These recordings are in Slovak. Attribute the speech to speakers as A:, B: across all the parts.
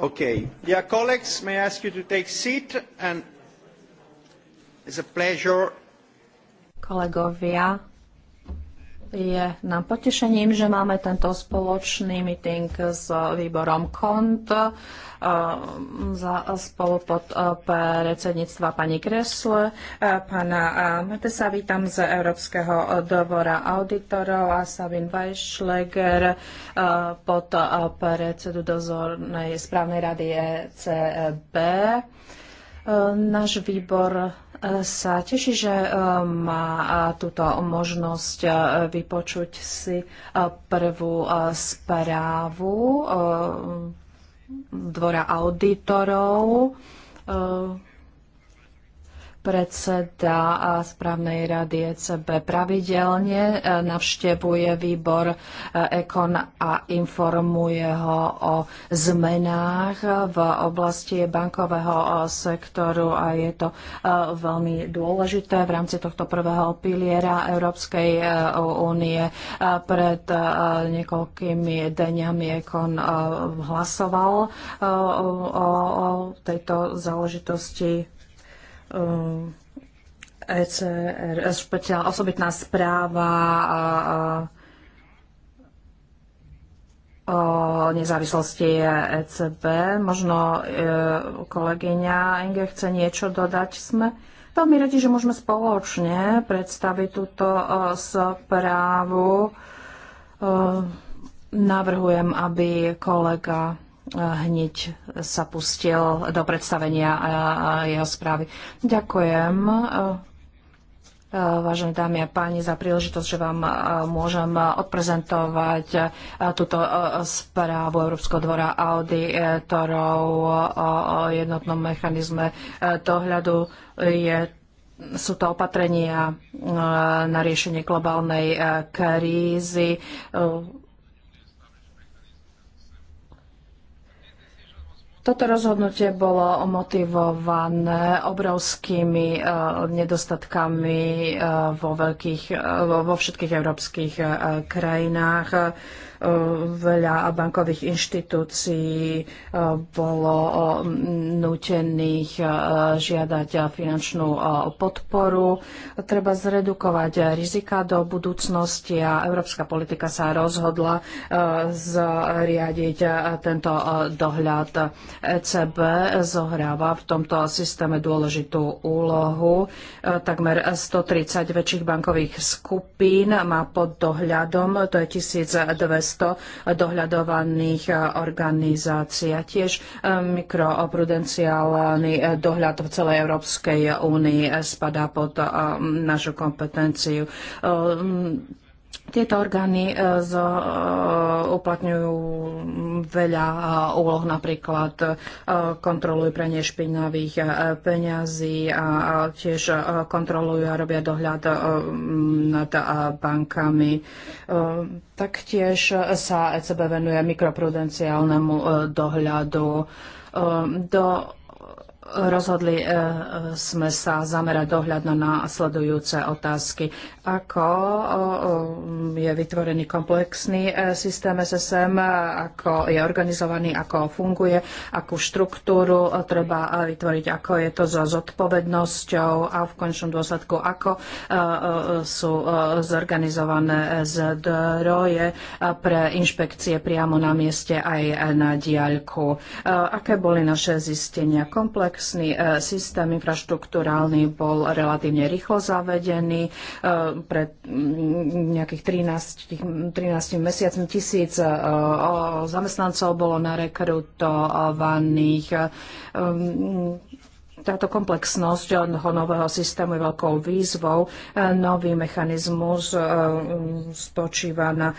A: Okay. Dear colleagues, may I ask you to take seat and it's a pleasure. Kolegovia, je nám potešením, že máme tento spoločný meeting s výborom KONT eh, za spolu pod predsedníctva pani Kresle, eh, pána eh, Matesa, vítam z Európskeho dvora auditorov a Sabin Weisschläger pod predsedu dozornej správnej rady ECB. Náš výbor sa teší, že e, má e, túto možnosť e, vypočuť si prvú správu Dvora auditorov Predseda správnej rady ECB pravidelne e, navštevuje výbor e, Ekon a informuje ho o zmenách v oblasti bankového e, sektoru a je to veľmi dôležité v rámci tohto prvého piliera Európskej únie. Pred niekoľkými deňami Ekon hlasoval o tejto záležitosti ECR, ehm, e špeciál, osobitná správa a, a o nezávislosti ECB. Možno e, kolegyňa Inge chce niečo dodať. Sme veľmi radi, že môžeme spoločne predstaviť túto e, správu. E, navrhujem, aby kolega hneď sa pustil do predstavenia jeho správy. Ďakujem. E, e, vážené dámy a páni, za príležitosť, že vám e, môžem odprezentovať túto správu Európskeho dvora auditorov o jednotnom mechanizme dohľadu. Je sú to opatrenia na riešenie globálnej krízy Toto rozhodnutie bolo motivované obrovskými e, nedostatkami e, vo, veľkých, e, vo všetkých európskych krajinách Veľa bankových inštitúcií eh, bolo eh, nutených eh, žiadať finančnú podporu. Treba zredukovať rizika do budúcnosti a európska politika sa rozhodla zriadiť tento dohľad. ECB zohráva v tomto systéme dôležitú úlohu. Takmer 130 väčších bankových skupín má pod dohľadom, to je 1200 200 dohľadovaných eh, organizácií a tiež eh, mikroprudenciálny eh, dohľad v celej Európskej únii spadá pod našu kompetenciu tieto orgány e, z, e, uplatňujú veľa e, úloh, napríklad kontrolujú pre nešpinavých peňazí a tiež kontrolujú a robia dohľad nad bankami. Taktiež sa ECB venuje mikroprudenciálnemu dohľadu do Rozhodli e, e, sme sa zamerať dohľad na sledujúce otázky. Ako e, je vytvorený komplexný systém SSM, ako je organizovaný, ako funguje, akú štruktúru treba vytvoriť, ako je to so zodpovednosťou a v končnom dôsledku, ako sú zorganizované zdroje pre inšpekcie priamo na mieste aj na diaľku. Aké boli naše zistenia? Komplex komplexný e, systém infraštruktúrálny bol relatívne rýchlo zavedený. E, pred nejakých 13, 13 mesiacmi tisíc e, zamestnancov bolo narekrutovaných. Ehm, táto komplexnosť toho nového systému je veľkou výzvou. Nový mechanizmus spočíva na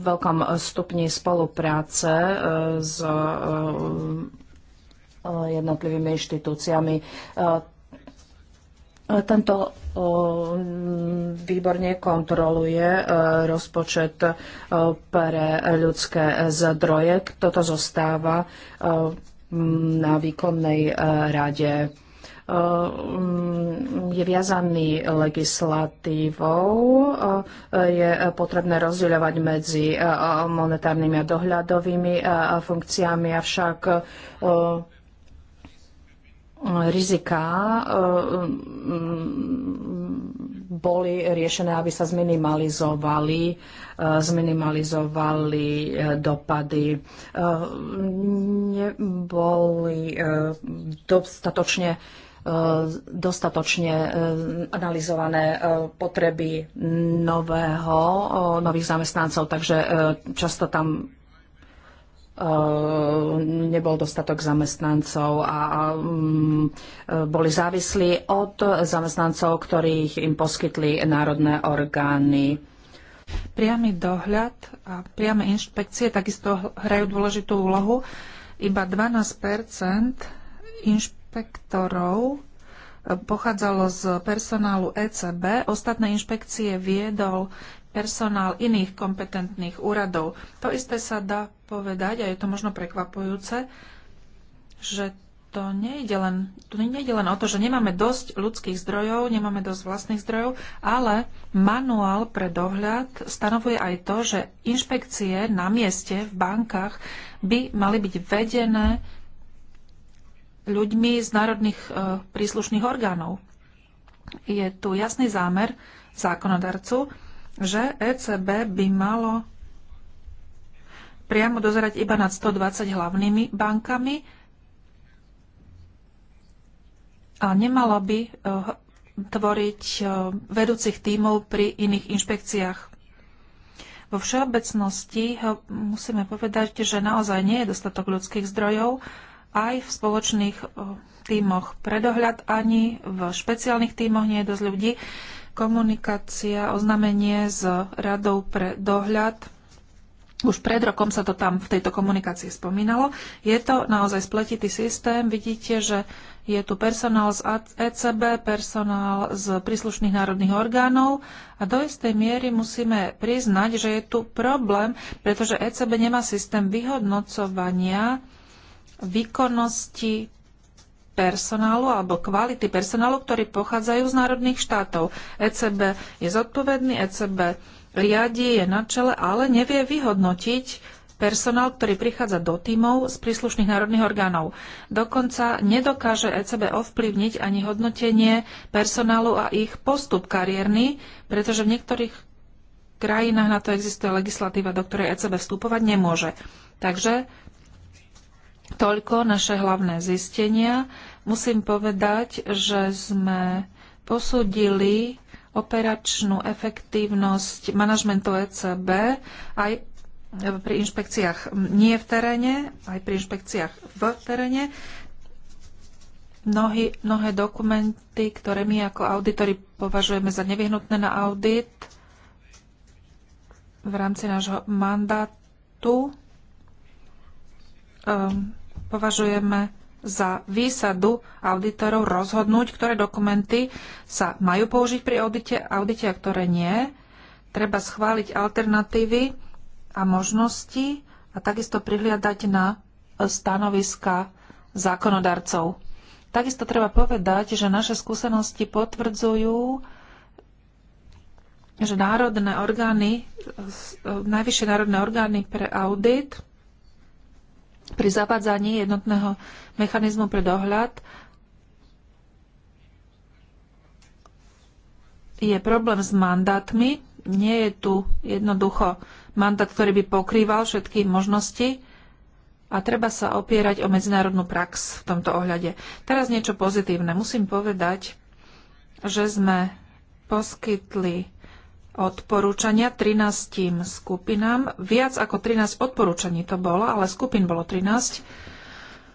A: veľkom stupni spolupráce s E, jednotlivými inštitúciami. E, e, tento výbor nekontroluje rozpočet pre ľudské zdroje. Toto zostáva na výkonnej rade. Mm, je viazaný legislatívou, je potrebné rozdeľovať medzi monetárnymi a dohľadovými funkciami, avšak rizika e, boli riešené, aby sa zminimalizovali, e, zminimalizovali e, dopady. Neboli dostatočne dostatočne analyzované potreby nového, nových zamestnancov, takže často tam Eh, nebol dostatok zamestnancov a mm, boli závislí od zamestnancov, ktorých im poskytli národné orgány.
B: Priamy dohľad a priame inšpekcie takisto hrajú dôležitú úlohu. Iba 12 inšpektorov eh, pochádzalo z personálu ECB. Ostatné inšpekcie viedol personál iných kompetentných úradov. To isté sa dá povedať, a je to možno prekvapujúce, že to nejde len, to nejde len o to, že nemáme dosť ľudských zdrojov, nemáme dosť vlastných zdrojov, ale manuál pre dohľad stanovuje aj to, že inšpekcie na mieste v bankách by mali byť vedené ľuďmi z národných uh, príslušných orgánov. Je tu jasný zámer zákonodarcu, že ECB by malo priamo dozerať iba nad 120 hlavnými bankami a nemalo by eh, tvoriť eh, vedúcich tímov pri iných inšpekciách. Vo všeobecnosti eh, musíme povedať, že naozaj nie je dostatok ľudských zdrojov aj v spoločných tímoch predohľad, ani v špeciálnych tímoch nie je dosť ľudí komunikácia, oznámenie s radou pre dohľad. Už pred rokom sa to tam v tejto komunikácii spomínalo. Je to naozaj spletitý systém. Vidíte, že je tu personál z ECB, personál z príslušných národných orgánov a do istej miery musíme priznať, že je tu problém, pretože ECB nemá systém vyhodnocovania výkonnosti personálu alebo kvality personálu, ktorí pochádzajú z národných štátov. ECB je zodpovedný, ECB riadi, je na čele, ale nevie vyhodnotiť personál, ktorý prichádza do tímov z príslušných národných orgánov. Dokonca nedokáže ECB ovplyvniť ani hodnotenie personálu a ich postup kariérny, pretože v niektorých krajinách na to existuje legislatíva, do ktorej ECB vstupovať nemôže. Takže Toľko naše hlavné zistenia. Musím povedať, že sme posúdili operačnú efektívnosť manažmentu ECB aj pri inšpekciách nie v teréne, aj pri inšpekciách v teréne. Mnohy, mnohé dokumenty, ktoré my ako auditory považujeme za nevyhnutné na audit v rámci nášho mandátu, um, považujeme za výsadu auditorov rozhodnúť, ktoré dokumenty sa majú použiť pri audite, audite a ktoré nie. Treba schváliť alternatívy a možnosti a takisto prihliadať na stanoviska zákonodarcov. Takisto treba povedať, že naše skúsenosti potvrdzujú, že národné orgány, najvyššie národné orgány pre audit pri zavádzaní jednotného mechanizmu pre dohľad je problém s mandátmi. Nie je tu jednoducho mandát, ktorý by pokrýval všetky možnosti a treba sa opierať o medzinárodnú prax v tomto ohľade. Teraz niečo pozitívne. Musím povedať, že sme poskytli odporúčania 13 skupinám. Viac ako 13 odporúčaní to bolo, ale skupín bolo 13.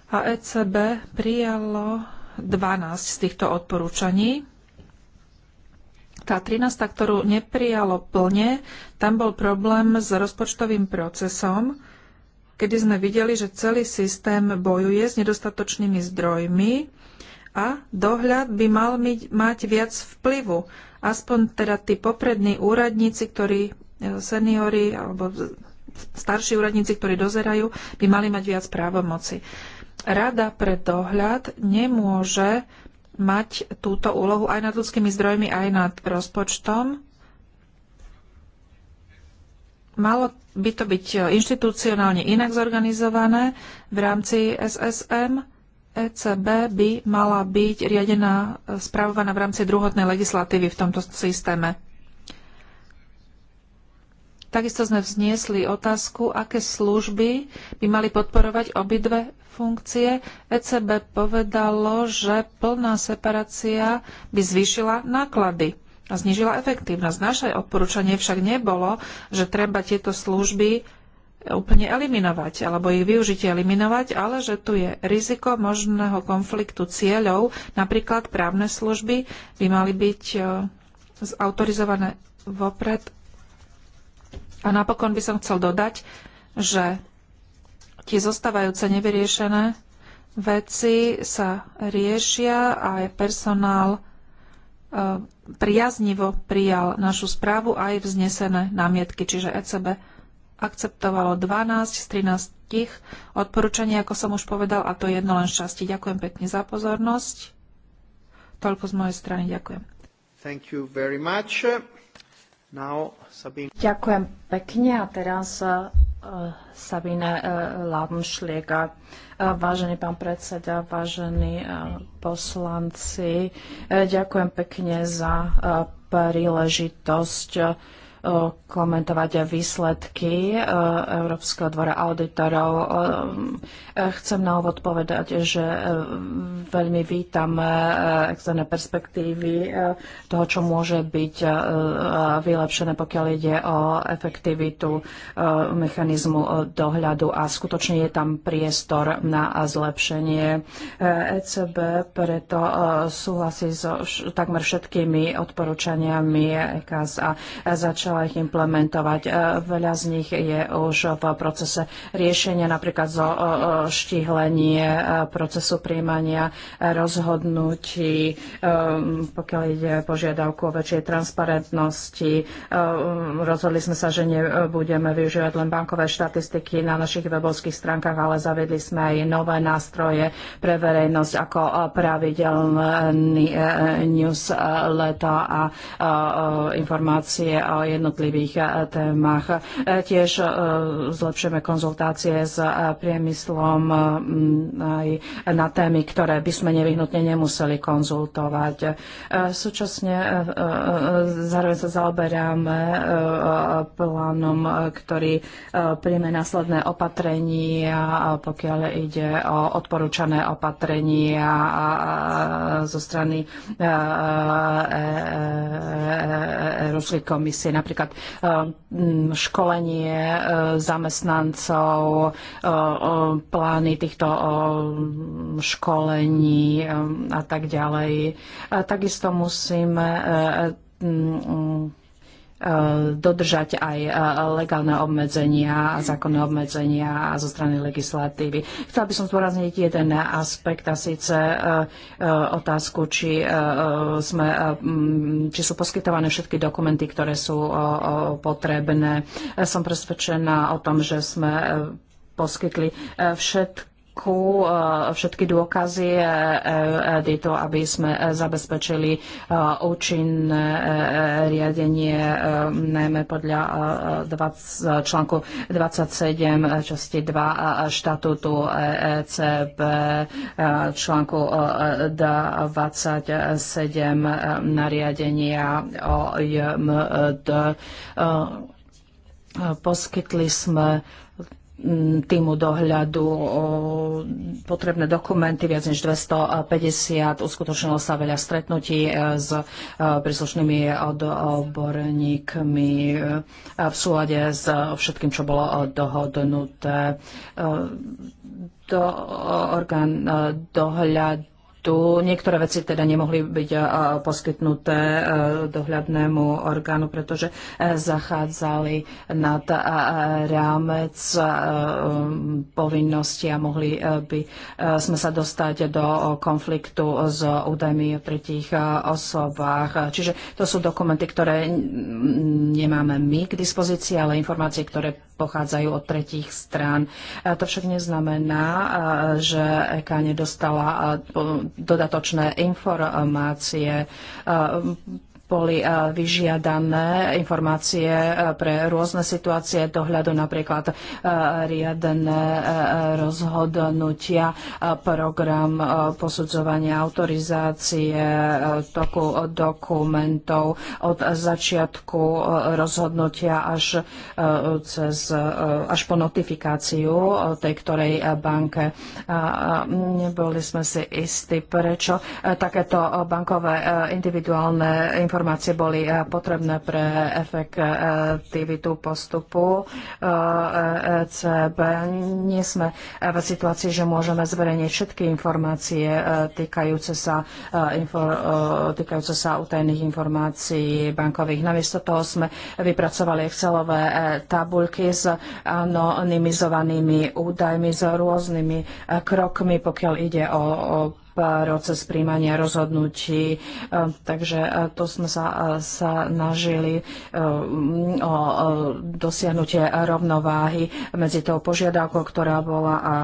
B: A ECB prijalo 12 z týchto odporúčaní. Tá 13, ktorú neprijalo plne, tam bol problém s rozpočtovým procesom, kedy sme videli, že celý systém bojuje s nedostatočnými zdrojmi a dohľad by mal mať viac vplyvu aspoň teda tí poprední úradníci, ktorí e, seniory alebo starší úradníci, ktorí dozerajú, by mali mať viac právomoci. Rada pre dohľad nemôže mať túto úlohu aj nad ľudskými zdrojmi, aj nad rozpočtom. Malo by to byť e, inštitucionálne inak zorganizované v rámci SSM ECB by mala byť riadená, e, spravovaná v rámci druhotnej legislatívy v tomto systéme. Takisto sme vzniesli otázku, aké služby by mali podporovať obidve funkcie. ECB povedalo, že plná separácia by zvýšila náklady a znižila efektívnosť. Naše odporúčanie však nebolo, že treba tieto služby úplne eliminovať alebo ich využitie eliminovať, ale že tu je riziko možného konfliktu cieľov. Napríklad právne služby by mali byť e, zautorizované vopred. A napokon by som chcel dodať, že tie zostávajúce nevyriešené veci sa riešia a aj personál e, priaznivo prijal našu správu aj vznesené námietky, čiže ECB akceptovalo 12 z 13 odporúčaní, ako som už povedal, a to je jedno len šťastie. Ďakujem pekne za pozornosť. Toľko z mojej strany. Ďakujem.
A: Thank you very much. Now, Sabine. Ďakujem pekne a teraz uh, Sabine uh, Uh, Vážený pán predseda, vážení uh, poslanci, uh, ďakujem pekne za uh, príležitosť uh, E, komentovať výsledky e, Európskeho dvora auditorov. E, chcem na úvod povedať, že veľmi vítam externé perspektívy toho, čo môže byť vylepšené, pokiaľ ide o efektivitu mechanizmu dohľadu a skutočne je tam priestor na zlepšenie. ECB preto súhlasí so takmer všetkými odporúčaniami EKAS a začal začala ich implementovať. E, veľa z nich je už v procese riešenia, napríklad zo e, e, štihlenie procesu príjmania rozhodnutí, pokiaľ ide požiadavku o väčšej transparentnosti. Rozhodli sme sa, že nebudeme využívať len bankové štatistiky na našich webovských stránkach, ale zaviedli sme aj nové nástroje pre verejnosť ako pravidelný newsletter a informácie o jednotlivých eh, témach. Eh, tiež eh, zlepšujeme konzultácie s priemyslom mm, aj na témy, ktoré by sme nevyhnutne nemuseli konzultovať. Súčasne zároveň sa zaoberáme plánom, ktorý príjme následné opatrenia, pokiaľ ide o odporúčané opatrenia zo strany Európskej komisie, napríklad eh, školenie eh, zamestnancov, eh, plány týchto školení a tak ďalej. takisto musíme Eh, dodržať aj eh, legálne obmedzenia zákonné obmedzenia zo strany legislatívy. Chcela by som zdôrazniť jeden aspekt a síce eh, otázku, či, sme, mm, či sú poskytované všetky dokumenty, ktoré sú potrebné. Som presvedčená o tom, že sme poskytli všetky roku e, všetky dôkazy EDITu, e, e, aby sme zabezpečili účinné riadenie najmä podľa 20, článku 27 časti 2 štatútu ECB článku 27 nariadenia o JMD. Poskytli sme Mm, týmu dohľadu potrebné dokumenty, viac než 250. Uskutočnilo sa veľa stretnutí e, s e, príslušnými odborníkmi e, v súlade s všetkým, čo bolo dohodnuté. Do orgán dohľadu tu niektoré veci teda nemohli byť poskytnuté e, dohľadnému orgánu, pretože e, zachádzali nad e, rámec povinnosti a mohli by sme sa dostať do konfliktu s údajmi o tretích osobách. Čiže to sú dokumenty, ktoré nemáme my k dispozícii, ale informácie, ktoré pochádzajú od tretích strán. To však neznamená, že EK nedostala dodatočné informácie boli e, vyžiadané informácie e, pre rôzne situácie dohľadu napríklad e, riadené rozhodnutia, program posudzovania autorizácie, toku dokumentov od začiatku rozhodnutia až, cez, až po notifikáciu tej ktorej banke. Neboli sme si istí, prečo takéto bankové individuálne informácie informácie boli eh, potrebné pre efektivitu postupu ECB. Eh, e Nie sme eh, v situácii, že môžeme zverejniť všetky informácie týkajúce sa, týkajúce sa utajných informácií bankových. Namiesto toho sme vypracovali Excelové tabulky s anonymizovanými údajmi, s rôznymi krokmi, pokiaľ ide o proces príjmania rozhodnutí. E, takže e, to sme sa, e, sa nažili mm, o dosiahnutie rovnováhy medzi tou požiadavkou, ktorá bola a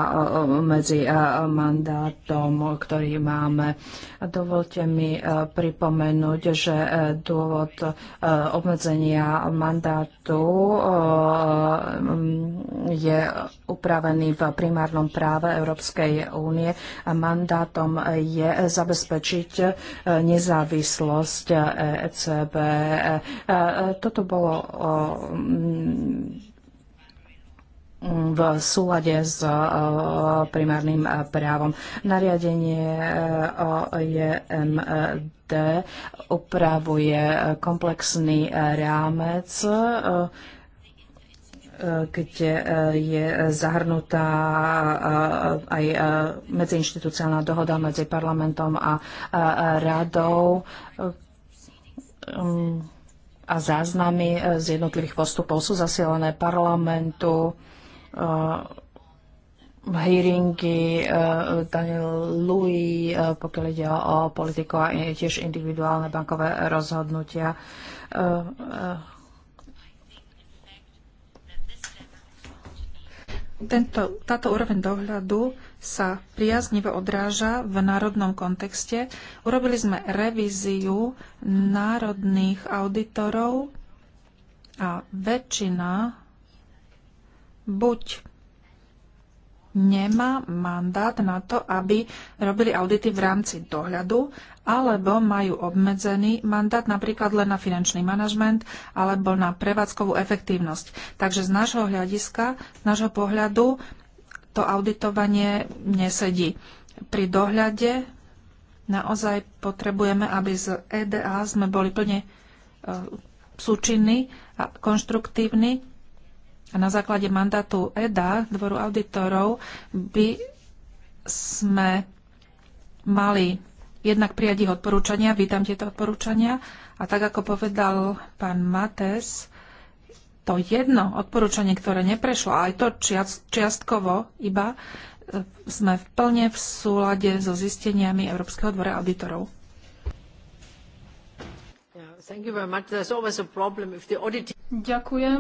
A: medzi mandátom, ktorý máme. Dovolte mi pripomenúť, že dôvod obmedzenia mandátu mm, je upravený v primárnom práve Európskej únie a mandátom je zabezpečiť e, nezávislosť ECB. E e, toto bolo mm, v súlade s primárnym právom. Nariadenie o JMD upravuje komplexný rámec keď e, je zahrnutá e, aj e, medziinstitucionálna dohoda medzi parlamentom a radou um, a záznamy z jednotlivých postupov sú zasielané parlamentu hearingy Daniel Louis, pokiaľ ide o politiku a tiež individuálne bankové rozhodnutia
B: Tento, táto úroveň dohľadu sa priaznivo odráža v národnom kontexte. Urobili sme revíziu národných auditorov a väčšina buď nemá mandát na to, aby robili audity v rámci dohľadu, alebo majú obmedzený mandát napríklad len na finančný manažment alebo na prevádzkovú efektívnosť. Takže z nášho hľadiska, z nášho pohľadu, to auditovanie nesedí. Pri dohľade naozaj potrebujeme, aby z EDA sme boli plne e, súčinní a konštruktívni a na základe mandátu EDA, Dvoru auditorov, by sme mali jednak prijať ich odporúčania, vítam tieto odporúčania, a tak ako povedal pán Mates, to jedno odporúčanie, ktoré neprešlo, aj to čiastkovo iba, e, sme v plne v súlade so zisteniami Európskeho dvora auditorov.
C: Ďakujem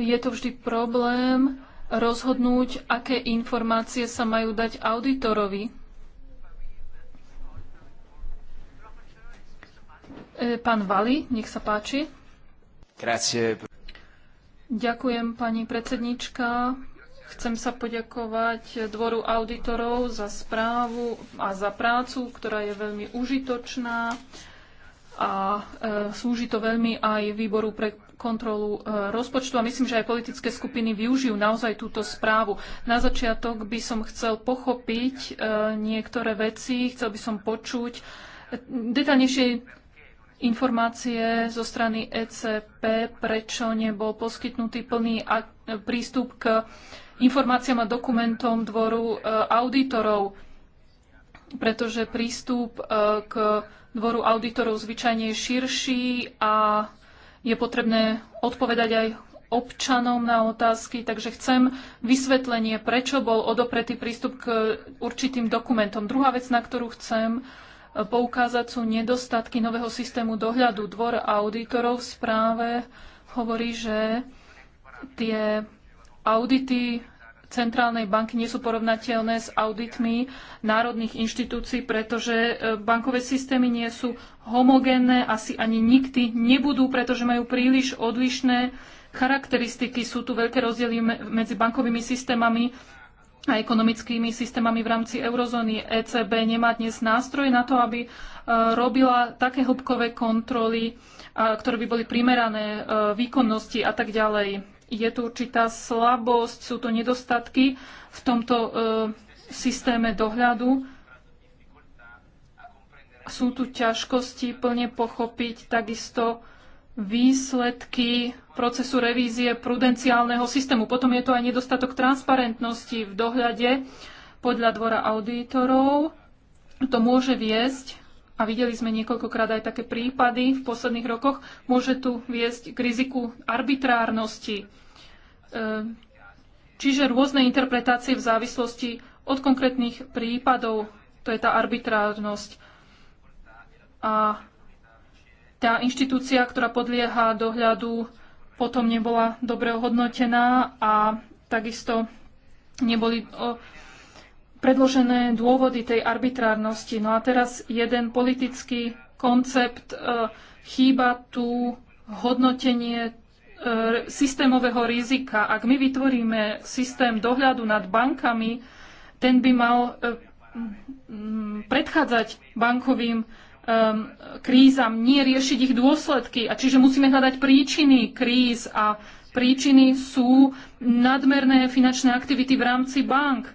C: je to vždy problém rozhodnúť, aké informácie sa majú dať auditorovi. E, pán Vali, nech sa páči.
B: Grazie.
C: Ďakujem, pani predsednička. Chcem sa poďakovať Dvoru auditorov za správu a za prácu, ktorá je veľmi užitočná a e, slúži to veľmi aj výboru pre kontrolu e, rozpočtu a myslím, že aj politické skupiny využijú naozaj túto správu. Na začiatok by som chcel pochopiť e, niektoré veci, chcel by som počuť detaľnejšie informácie zo strany ECP, prečo nebol poskytnutý plný e, prístup k informáciám a dokumentom dvoru auditorov, pretože prístup k dvoru auditorov zvyčajne je širší a je potrebné odpovedať aj občanom na otázky, takže chcem vysvetlenie, prečo bol odopretý prístup k určitým dokumentom. Druhá vec, na ktorú chcem e, poukázať, sú nedostatky nového systému dohľadu. Dvor auditorov v správe hovorí, že tie audity centrálnej banky nie sú porovnateľné s auditmi národných inštitúcií, pretože e, bankové systémy nie sú homogénne, asi ani nikdy nebudú, pretože majú príliš odlišné charakteristiky. Sú tu veľké rozdiely medzi bankovými systémami a ekonomickými systémami v rámci eurozóny. ECB nemá dnes nástroj na to, aby e, robila také hĺbkové kontroly, ktoré by boli primerané e, výkonnosti a tak ďalej je tu určitá slabosť, sú to nedostatky v tomto e, systéme dohľadu. Sú tu ťažkosti plne pochopiť takisto výsledky procesu revízie prudenciálneho systému. Potom je to aj nedostatok transparentnosti v dohľade podľa dvora auditorov. To môže viesť a videli sme niekoľkokrát aj také prípady v posledných rokoch, môže tu viesť k riziku arbitrárnosti. E, čiže rôzne interpretácie v závislosti od konkrétnych prípadov, to je tá arbitrárnosť. A tá inštitúcia, ktorá podlieha dohľadu, potom nebola dobre ohodnotená a takisto neboli predložené dôvody tej arbitrárnosti. No a teraz jeden politický koncept. E, chýba tu hodnotenie e, systémového rizika. Ak my vytvoríme systém dohľadu nad bankami, ten by mal e, predchádzať bankovým krízam, nie riešiť ich dôsledky. A čiže musíme hľadať príčiny kríz a príčiny sú nadmerné finančné aktivity v rámci bank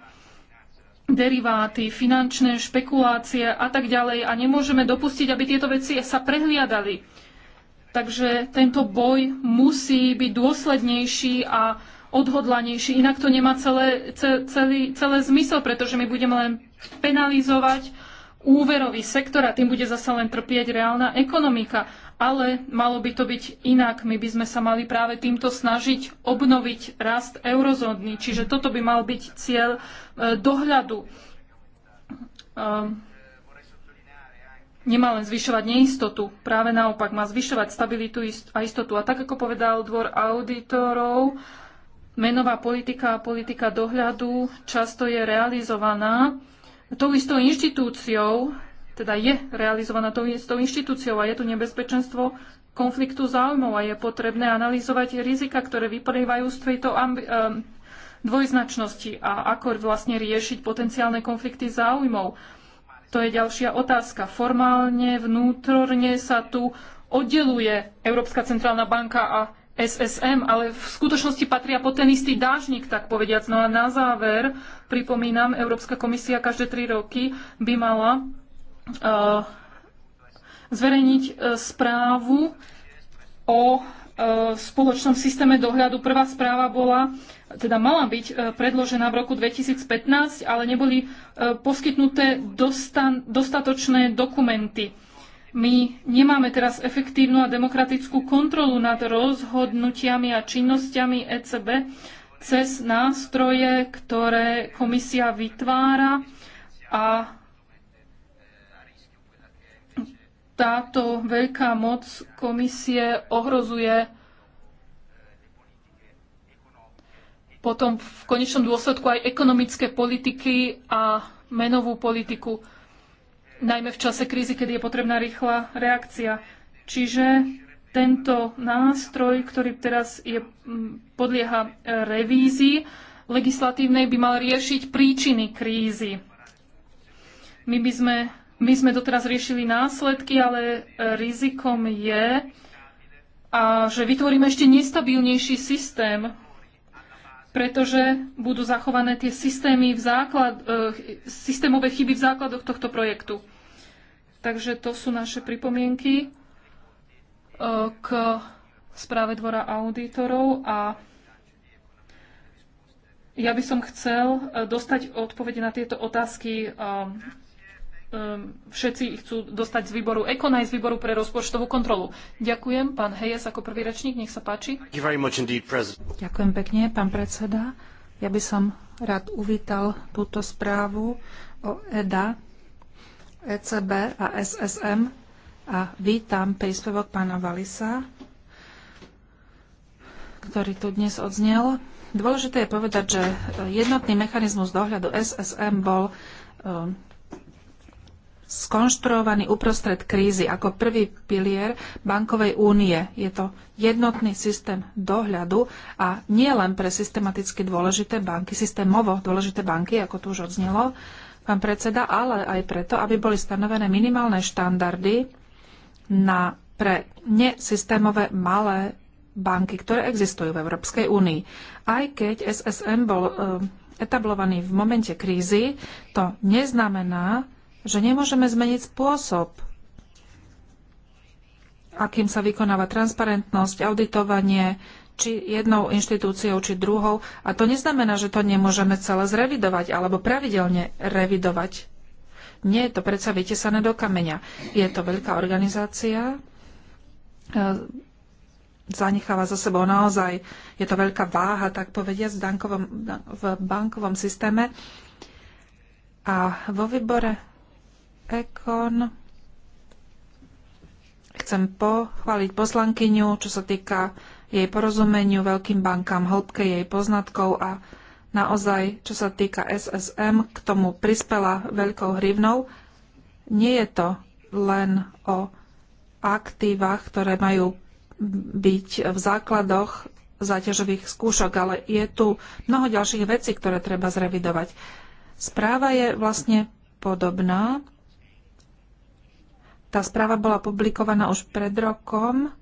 C: deriváty, finančné špekulácie a tak ďalej a nemôžeme dopustiť, aby tieto veci sa prehliadali. Takže tento boj musí byť dôslednejší a odhodlanejší. Inak to nemá celé, celý, celé zmysel, pretože my budeme len penalizovať úverový sektor a tým bude zase len trpieť reálna ekonomika ale malo by to byť inak. My by sme sa mali práve týmto snažiť obnoviť rast eurozóny, čiže toto by mal byť cieľ e, dohľadu. Ehm, nemá len zvyšovať neistotu, práve naopak má zvyšovať stabilitu a istotu. A tak ako povedal dvor auditorov, menová politika a politika dohľadu často je realizovaná tou istou inštitúciou, teda je realizovaná tou, tou inštitúciou a je tu nebezpečenstvo konfliktu záujmov a je potrebné analyzovať rizika, ktoré vyplývajú z tejto ambi- dvojznačnosti a ako vlastne riešiť potenciálne konflikty záujmov. To je ďalšia otázka. Formálne, vnútorne sa tu oddeluje Európska centrálna banka a SSM, ale v skutočnosti patria pod ten istý dážnik, tak povediac. No a na záver, pripomínam, Európska komisia každé tri roky by mala Eh, zverejniť eh, správu o eh, spoločnom systéme dohľadu. Prvá správa bola, teda mala byť predložená v roku 2015, ale neboli poskytnuté dostatočné dokumenty. My nemáme teraz efektívnu a demokratickú kontrolu nad rozhodnutiami a činnosťami ECB cez nástroje, ktoré komisia vytvára a táto veľká moc komisie ohrozuje potom v konečnom dôsledku aj ekonomické politiky a menovú politiku, najmä v čase krízy, kedy je potrebná rýchla reakcia. Čiže tento nástroj, ktorý teraz je, podlieha e, revízii legislatívnej, by mal riešiť príčiny krízy. My by sme my sme doteraz riešili následky, ale e, rizikom je, a že vytvoríme ešte nestabilnejší systém, pretože budú zachované tie systémy v základ, e, systémové chyby v základoch tohto projektu. Takže to sú naše pripomienky e, k správe Dvora auditorov a ja by som chcel dostať odpovede na tieto otázky Ehm, všetci chcú dostať z výboru Ekon aj z výboru pre rozpočtovú kontrolu. Ďakujem, pán Hejes, ako prvý rečník, nech sa páči.
B: Ďakujem pekne, pán predseda. Ja by som rád uvítal túto správu o EDA, ECB a e SSM a vítam príspevok pána Valisa, ktorý tu dnes odznel. Dôležité je povedať, že jednotný mechanizmus dohľadu SSM bol ehm, skonštruovaný uprostred krízy ako prvý pilier bankovej únie. Je to jednotný systém dohľadu a nie len pre systematicky dôležité banky, systémovo dôležité banky, ako tu už odznelo, pán predseda, ale aj preto, aby boli stanovené minimálne štandardy na, pre nesystémové malé banky, ktoré existujú v Európskej únii. Aj keď SSM bol e, etablovaný v momente krízy, to neznamená, že nemôžeme zmeniť spôsob, akým sa vykonáva transparentnosť, auditovanie, či jednou inštitúciou, či druhou. A to neznamená, že to nemôžeme celé zrevidovať alebo pravidelne revidovať. Nie je to predsa vytesané do kameňa. Je to veľká organizácia, e, zanecháva za sebou naozaj, je to veľká váha, tak povediať, v bankovom, v bankovom systéme. A vo výbore Ekon. Chcem pochváliť poslankyňu, čo sa týka jej porozumeniu veľkým bankám, hĺbke jej poznatkov a naozaj, čo sa týka SSM, k tomu prispela veľkou hrivnou. Nie je to len o aktívach, ktoré majú byť v základoch záťažových skúšok, ale je tu mnoho ďalších vecí, ktoré treba zrevidovať. Správa je vlastne podobná tá správa bola publikovaná už pred rokom.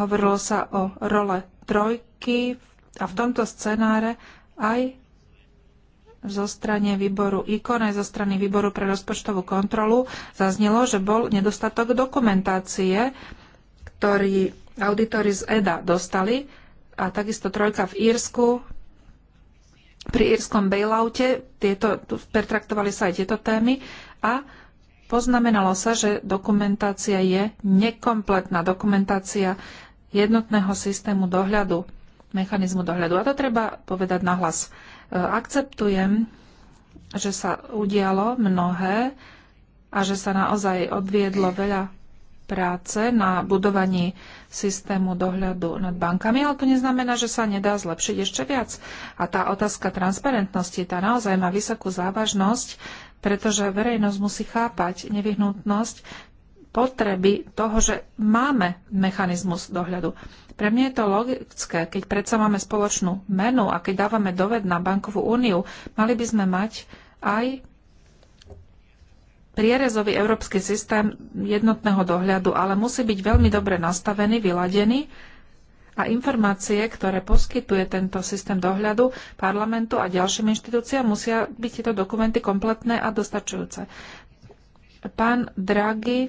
B: Hovorilo sa o role trojky a v tomto scenáre aj zo strany výboru IKON, aj zo strany výboru pre rozpočtovú kontrolu zaznelo, že bol nedostatok dokumentácie, ktorý auditori z EDA dostali a takisto trojka v Írsku pri írskom bailoute tieto, pertraktovali sa aj tieto témy a Poznamenalo sa, že dokumentácia je nekompletná dokumentácia jednotného systému dohľadu, mechanizmu dohľadu. A to treba povedať nahlas. E, akceptujem, že sa udialo mnohé a že sa naozaj odviedlo veľa práce na budovaní systému dohľadu nad bankami, ale to neznamená, že sa nedá zlepšiť ešte viac. A tá otázka transparentnosti, tá naozaj má vysokú závažnosť pretože verejnosť musí chápať nevyhnutnosť potreby toho, že máme mechanizmus dohľadu. Pre mňa je to logické, keď predsa máme spoločnú menu a keď dávame doved na bankovú úniu, mali by sme mať aj prierezový európsky systém jednotného dohľadu, ale musí byť veľmi dobre nastavený, vyladený a informácie, ktoré poskytuje tento systém dohľadu parlamentu a ďalším inštitúciám, musia byť tieto dokumenty kompletné a dostačujúce. Pán Draghi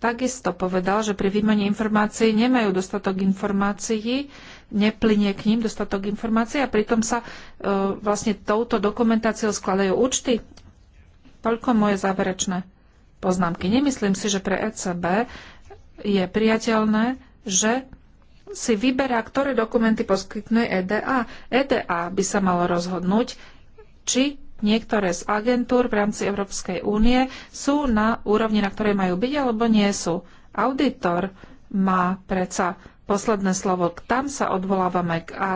B: takisto povedal, že pri výmene informácií nemajú dostatok informácií, neplynie k ním dostatok informácií a pritom sa e, vlastne touto dokumentáciou skladajú účty. Toľko moje záverečné poznámky. Nemyslím si, že pre ECB je priateľné, že si vyberá, ktoré dokumenty poskytne EDA. EDA by sa malo rozhodnúť, či niektoré z agentúr v rámci Európskej únie sú na úrovni, na ktorej majú byť, alebo nie sú. Auditor má predsa posledné slovo. Tam sa odvolávame k a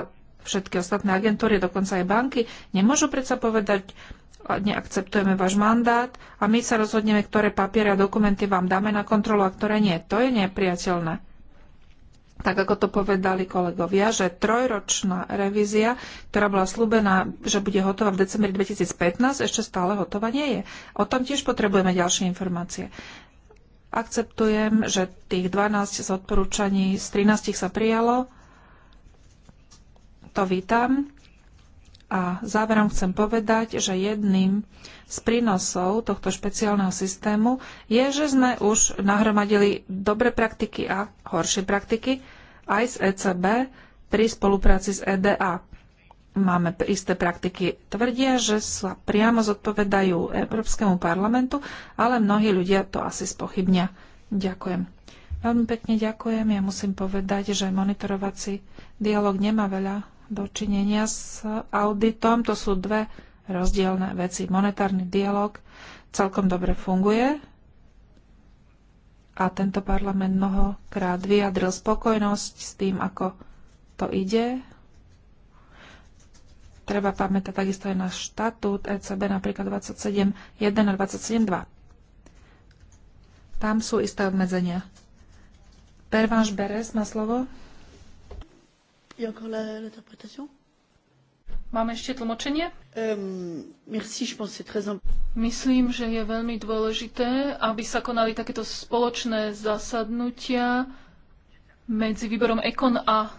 B: všetky ostatné agentúry, dokonca aj banky, nemôžu predsa povedať, neakceptujeme váš mandát a my sa rozhodneme, ktoré papiere a dokumenty vám dáme na kontrolu a ktoré nie. To je nepriateľné tak ako to povedali kolegovia, že trojročná revízia, ktorá bola slúbená, že bude hotová v decembri 2015, ešte stále hotová nie je. O tom tiež potrebujeme ďalšie informácie. Akceptujem, že tých 12 z odporúčaní z 13 sa prijalo. To vítam. A záverom chcem povedať, že jedným z prínosov tohto špeciálneho systému je, že sme už nahromadili dobre praktiky a horšie praktiky aj z ECB pri spolupráci s EDA. Máme isté praktiky. Tvrdia, že sa priamo zodpovedajú Európskemu parlamentu, ale mnohí ľudia to asi spochybnia. Ďakujem. Veľmi pekne ďakujem. Ja musím povedať, že monitorovací dialog nemá veľa dočinenia s auditom. To sú dve rozdielne veci. Monetárny dialog celkom dobre funguje a tento parlament mnohokrát vyjadril spokojnosť s tým, ako to ide. Treba pamätať takisto aj na štatút ECB, napríklad 27.1 a 27.2. Tam sú isté obmedzenia. Pervanš Beres má slovo.
C: Il encore l'interprétation Máme ešte tlmočenie? Um, merci, je pense, très Myslím, že je veľmi dôležité, aby sa konali takéto spoločné zasadnutia medzi výborom EKON a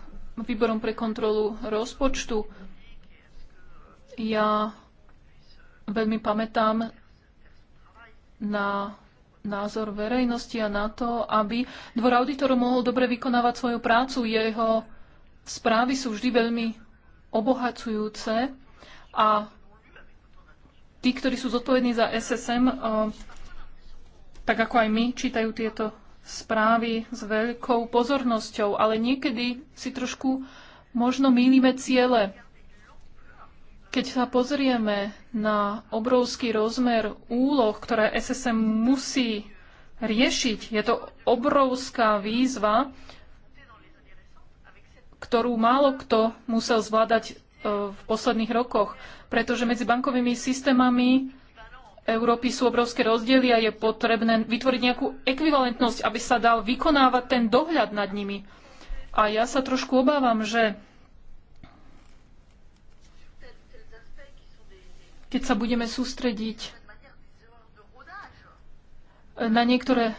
C: výborom pre kontrolu rozpočtu. Ja veľmi pamätám na názor verejnosti a na to, aby dvor auditorov mohol dobre vykonávať svoju prácu. Jeho Správy sú vždy veľmi obohacujúce a tí, ktorí sú zodpovední za SSM, eh, tak ako aj my, čítajú tieto správy s veľkou pozornosťou, ale niekedy si trošku možno mýlime ciele. Keď sa pozrieme na obrovský rozmer úloh, ktoré SSM musí riešiť, je to obrovská výzva, ktorú málo kto musel zvládať e, v posledných rokoch, pretože medzi bankovými systémami Európy sú obrovské rozdiely a je potrebné vytvoriť nejakú ekvivalentnosť, aby sa dal vykonávať ten dohľad nad nimi. A ja sa trošku obávam, že keď sa budeme sústrediť na niektoré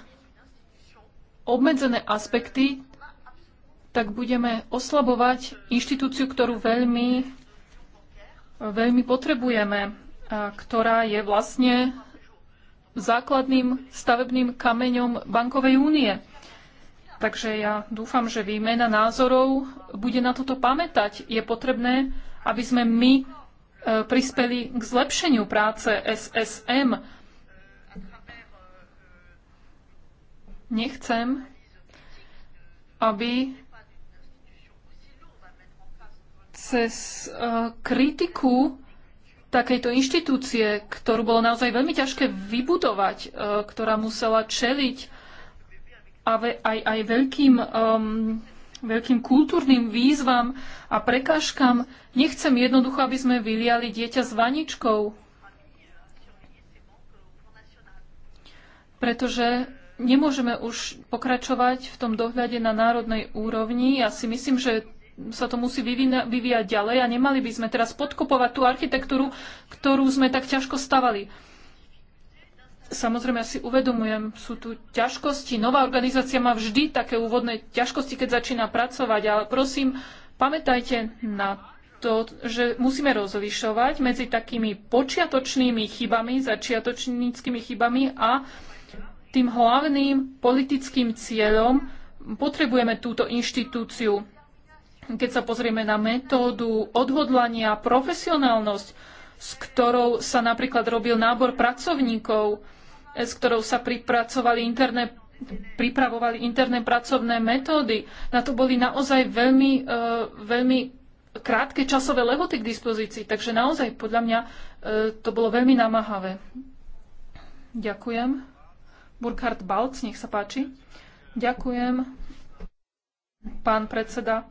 C: obmedzené aspekty, tak budeme oslabovať inštitúciu, ktorú veľmi, veľmi potrebujeme, a ktorá je vlastne základným stavebným kameňom bankovej únie. Takže ja dúfam, že výmena názorov bude na toto pamätať. Je potrebné, aby sme my e, prispeli k zlepšeniu práce SSM. Nechcem, aby cez e, kritiku takejto inštitúcie, ktorú bolo naozaj veľmi ťažké vybudovať, e, ktorá musela čeliť aj, aj veľkým, um, veľkým kultúrnym výzvam a prekážkam. Nechcem jednoducho, aby sme vyliali dieťa s vaničkou, pretože nemôžeme už pokračovať v tom dohľade na národnej úrovni. Ja si myslím, že sa to musí vyvíjať ďalej a nemali by sme teraz podkopovať tú architektúru, ktorú sme tak ťažko stavali. Samozrejme, ja si uvedomujem, sú tu ťažkosti. Nová organizácia má vždy také úvodné ťažkosti, keď začína pracovať, ale prosím, pamätajte na to, že musíme rozlišovať medzi takými počiatočnými chybami, začiatočníckými chybami a tým hlavným politickým cieľom potrebujeme túto inštitúciu keď sa pozrieme na metódu odhodlania, a profesionálnosť, s ktorou sa napríklad robil nábor pracovníkov, s ktorou sa pripracovali interné, pripravovali interné pracovné metódy. Na to boli naozaj veľmi, e, veľmi krátke časové lehoty k dispozícii, takže naozaj podľa mňa e, to bolo veľmi namáhavé. Ďakujem. Burkhard Balc, nech sa páči. Ďakujem, pán predseda.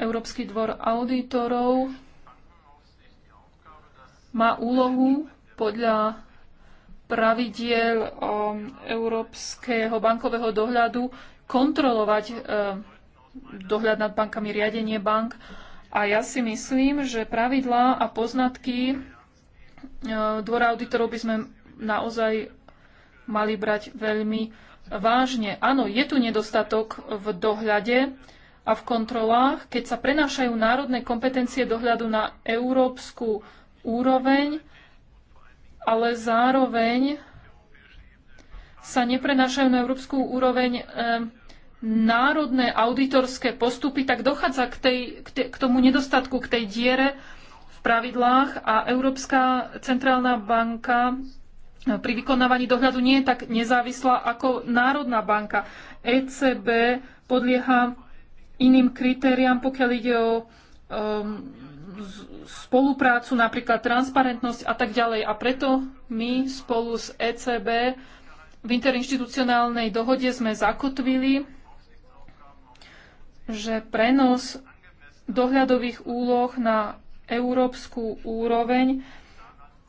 C: Európsky dvor auditorov má úlohu podľa pravidiel um, Európskeho bankového dohľadu kontrolovať um, dohľad nad bankami, riadenie bank. A ja si myslím, že pravidlá a poznatky um, dvora auditorov by sme naozaj mali brať veľmi vážne. Áno, je tu nedostatok v dohľade, a v kontrolách, keď sa prenášajú národné kompetencie dohľadu na európsku úroveň, ale zároveň sa neprenášajú na európsku úroveň e, národné auditorské postupy, tak dochádza k, tej, k, te, k tomu nedostatku, k tej diere v pravidlách a Európska centrálna banka eh, pri vykonávaní dohľadu nie je tak nezávislá ako Národná banka. ECB podlieha iným kritériám, pokiaľ ide o um, spoluprácu, napríklad transparentnosť a tak ďalej. A preto my spolu s ECB v interinstitucionálnej dohode sme zakotvili, že prenos dohľadových úloh na európsku úroveň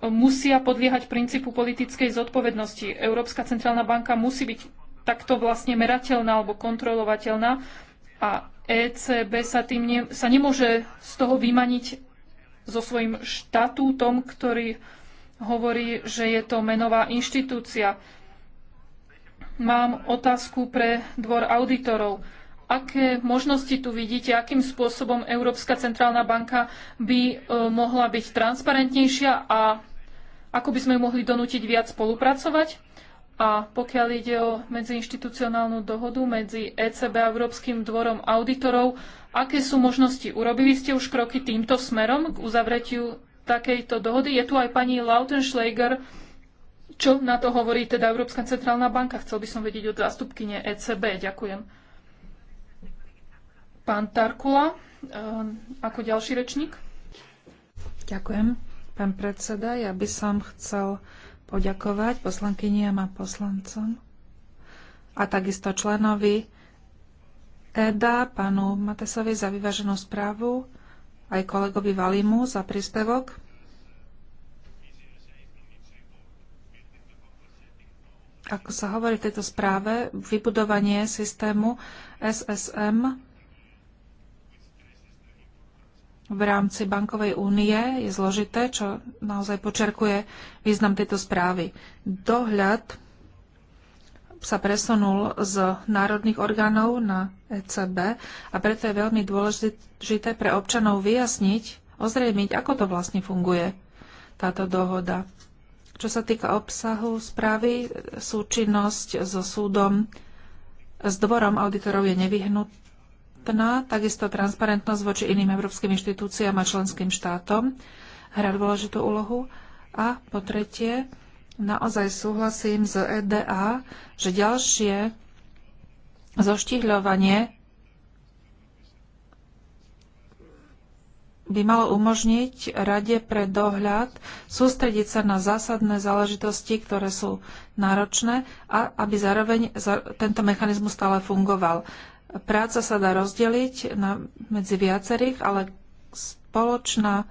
C: musia podliehať princípu politickej zodpovednosti. Európska centrálna banka musí byť takto vlastne merateľná alebo kontrolovateľná a ECB sa, tým ne, sa nemôže z toho vymaniť so svojím štatútom, ktorý hovorí, že je to menová inštitúcia. Mám otázku pre dvor auditorov. Aké možnosti tu vidíte, akým spôsobom Európska centrálna banka by e, mohla byť transparentnejšia a ako by sme ju mohli donútiť viac spolupracovať? A pokiaľ ide o medziinštitucionálnu dohodu medzi ECB a Európskym dvorom auditorov, aké sú možnosti? Urobili ste už kroky týmto smerom k uzavretiu takejto dohody? Je tu aj pani Lautenschläger. Čo na to hovorí teda Európska centrálna banka? Chcel by som vedieť od zástupkyne ECB. Ďakujem. Pán Tarkula, eh, ako ďalší rečník.
B: Ďakujem. Pán predseda, ja by som chcel poďakovať poslankyniam a poslancom a takisto členovi EDA, pánu Matesovi za vyváženú správu, aj kolegovi Valimu za príspevok. Ako sa hovorí v tejto správe, vybudovanie systému SSM v rámci bankovej únie je zložité, čo naozaj počerkuje význam tejto správy. Dohľad sa presunul z národných orgánov na ECB a preto je veľmi dôležité pre občanov vyjasniť, ozrejmiť, ako to vlastne funguje táto dohoda. Čo sa týka obsahu správy, súčinnosť so súdom, s dvorom auditorov je nevyhnutná transparentná, takisto transparentnosť voči iným európskym inštitúciám a členským štátom hrá dôležitú úlohu. A po tretie, naozaj súhlasím s EDA, že ďalšie zoštihľovanie by malo umožniť Rade pre dohľad sústrediť sa na zásadné záležitosti, ktoré sú náročné a aby zároveň tento mechanizmus stále fungoval. Práca sa dá rozdeliť na, medzi viacerých, ale spoločná,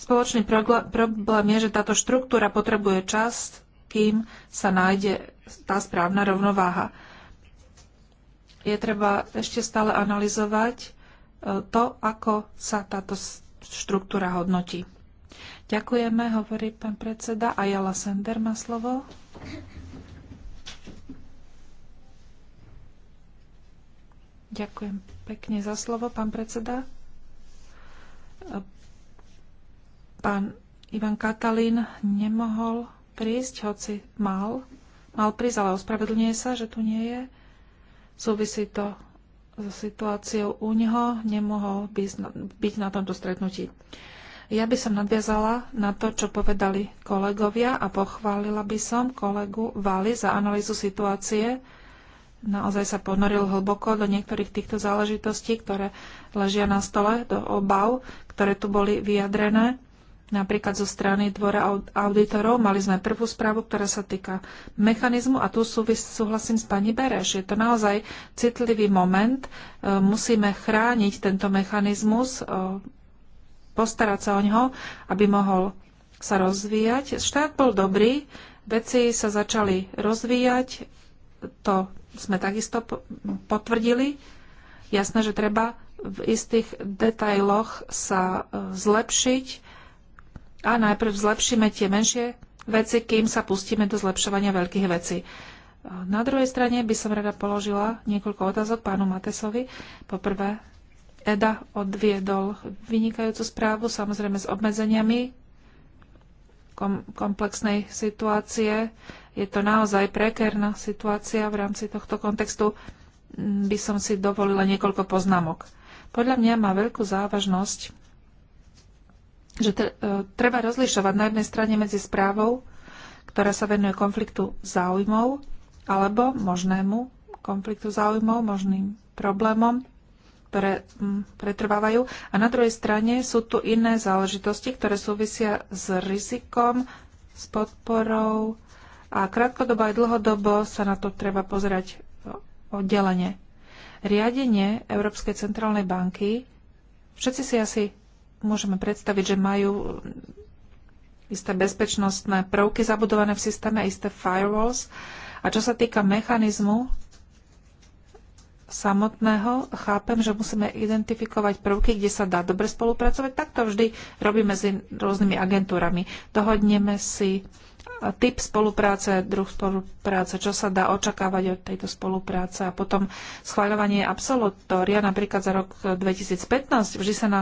B: spoločný problém je, že táto štruktúra potrebuje čas, kým sa nájde tá správna rovnováha. Je treba ešte stále analyzovať e, to, ako sa táto štruktúra hodnotí. Ďakujeme, hovorí pán predseda. Ajala Sender má slovo. Ďakujem pekne za slovo, pán predseda. Pán Ivan Katalín nemohol prísť, hoci mal. Mal prísť, ale ospravedlňuje sa, že tu nie je. Súvisí to so situáciou u neho, nemohol byť na tomto stretnutí. Ja by som nadviazala na to, čo povedali kolegovia a pochválila by som kolegu Vali za analýzu situácie naozaj sa ponoril hlboko do niektorých týchto záležitostí, ktoré ležia na stole, do obav, ktoré tu boli vyjadrené. Napríklad zo strany dvora auditorov mali sme prvú správu, ktorá sa týka mechanizmu a tu súvis, súhlasím s pani Bereš. Je to naozaj citlivý moment. E, musíme chrániť tento mechanizmus, e, postarať sa o ňoho, aby mohol sa rozvíjať. Štát bol dobrý, veci sa začali rozvíjať, to sme takisto potvrdili. Jasné, že treba v istých detailoch sa e, zlepšiť a najprv zlepšíme tie menšie veci, kým sa pustíme do zlepšovania veľkých vecí. E, na druhej strane by som rada položila niekoľko otázok pánu Matesovi. Poprvé, EDA odviedol vynikajúcu správu, samozrejme s obmedzeniami kom komplexnej situácie je to naozaj prekerná situácia v rámci tohto kontextu. By som si dovolila niekoľko poznámok. Podľa mňa má veľkú závažnosť, že e, treba rozlišovať na jednej strane medzi správou, ktorá sa venuje konfliktu záujmov alebo možnému konfliktu záujmov, možným problémom, ktoré mm, pretrvávajú. A na druhej strane sú tu iné záležitosti, ktoré súvisia s rizikom, s podporou, a krátkodobo aj dlhodobo sa na to treba pozerať no, oddelenie. Riadenie Európskej centrálnej banky, všetci si asi môžeme predstaviť, že majú mm, isté bezpečnostné prvky zabudované v systéme, isté firewalls. A čo sa týka mechanizmu samotného, chápem, že musíme identifikovať prvky, kde sa dá dobre spolupracovať. Tak to vždy robíme s rôznymi agentúrami. Dohodneme si typ spolupráce, druh spolupráce, čo sa dá očakávať od tejto spolupráce a potom schváľovanie absolutória napríklad za rok 2015. Vždy sa na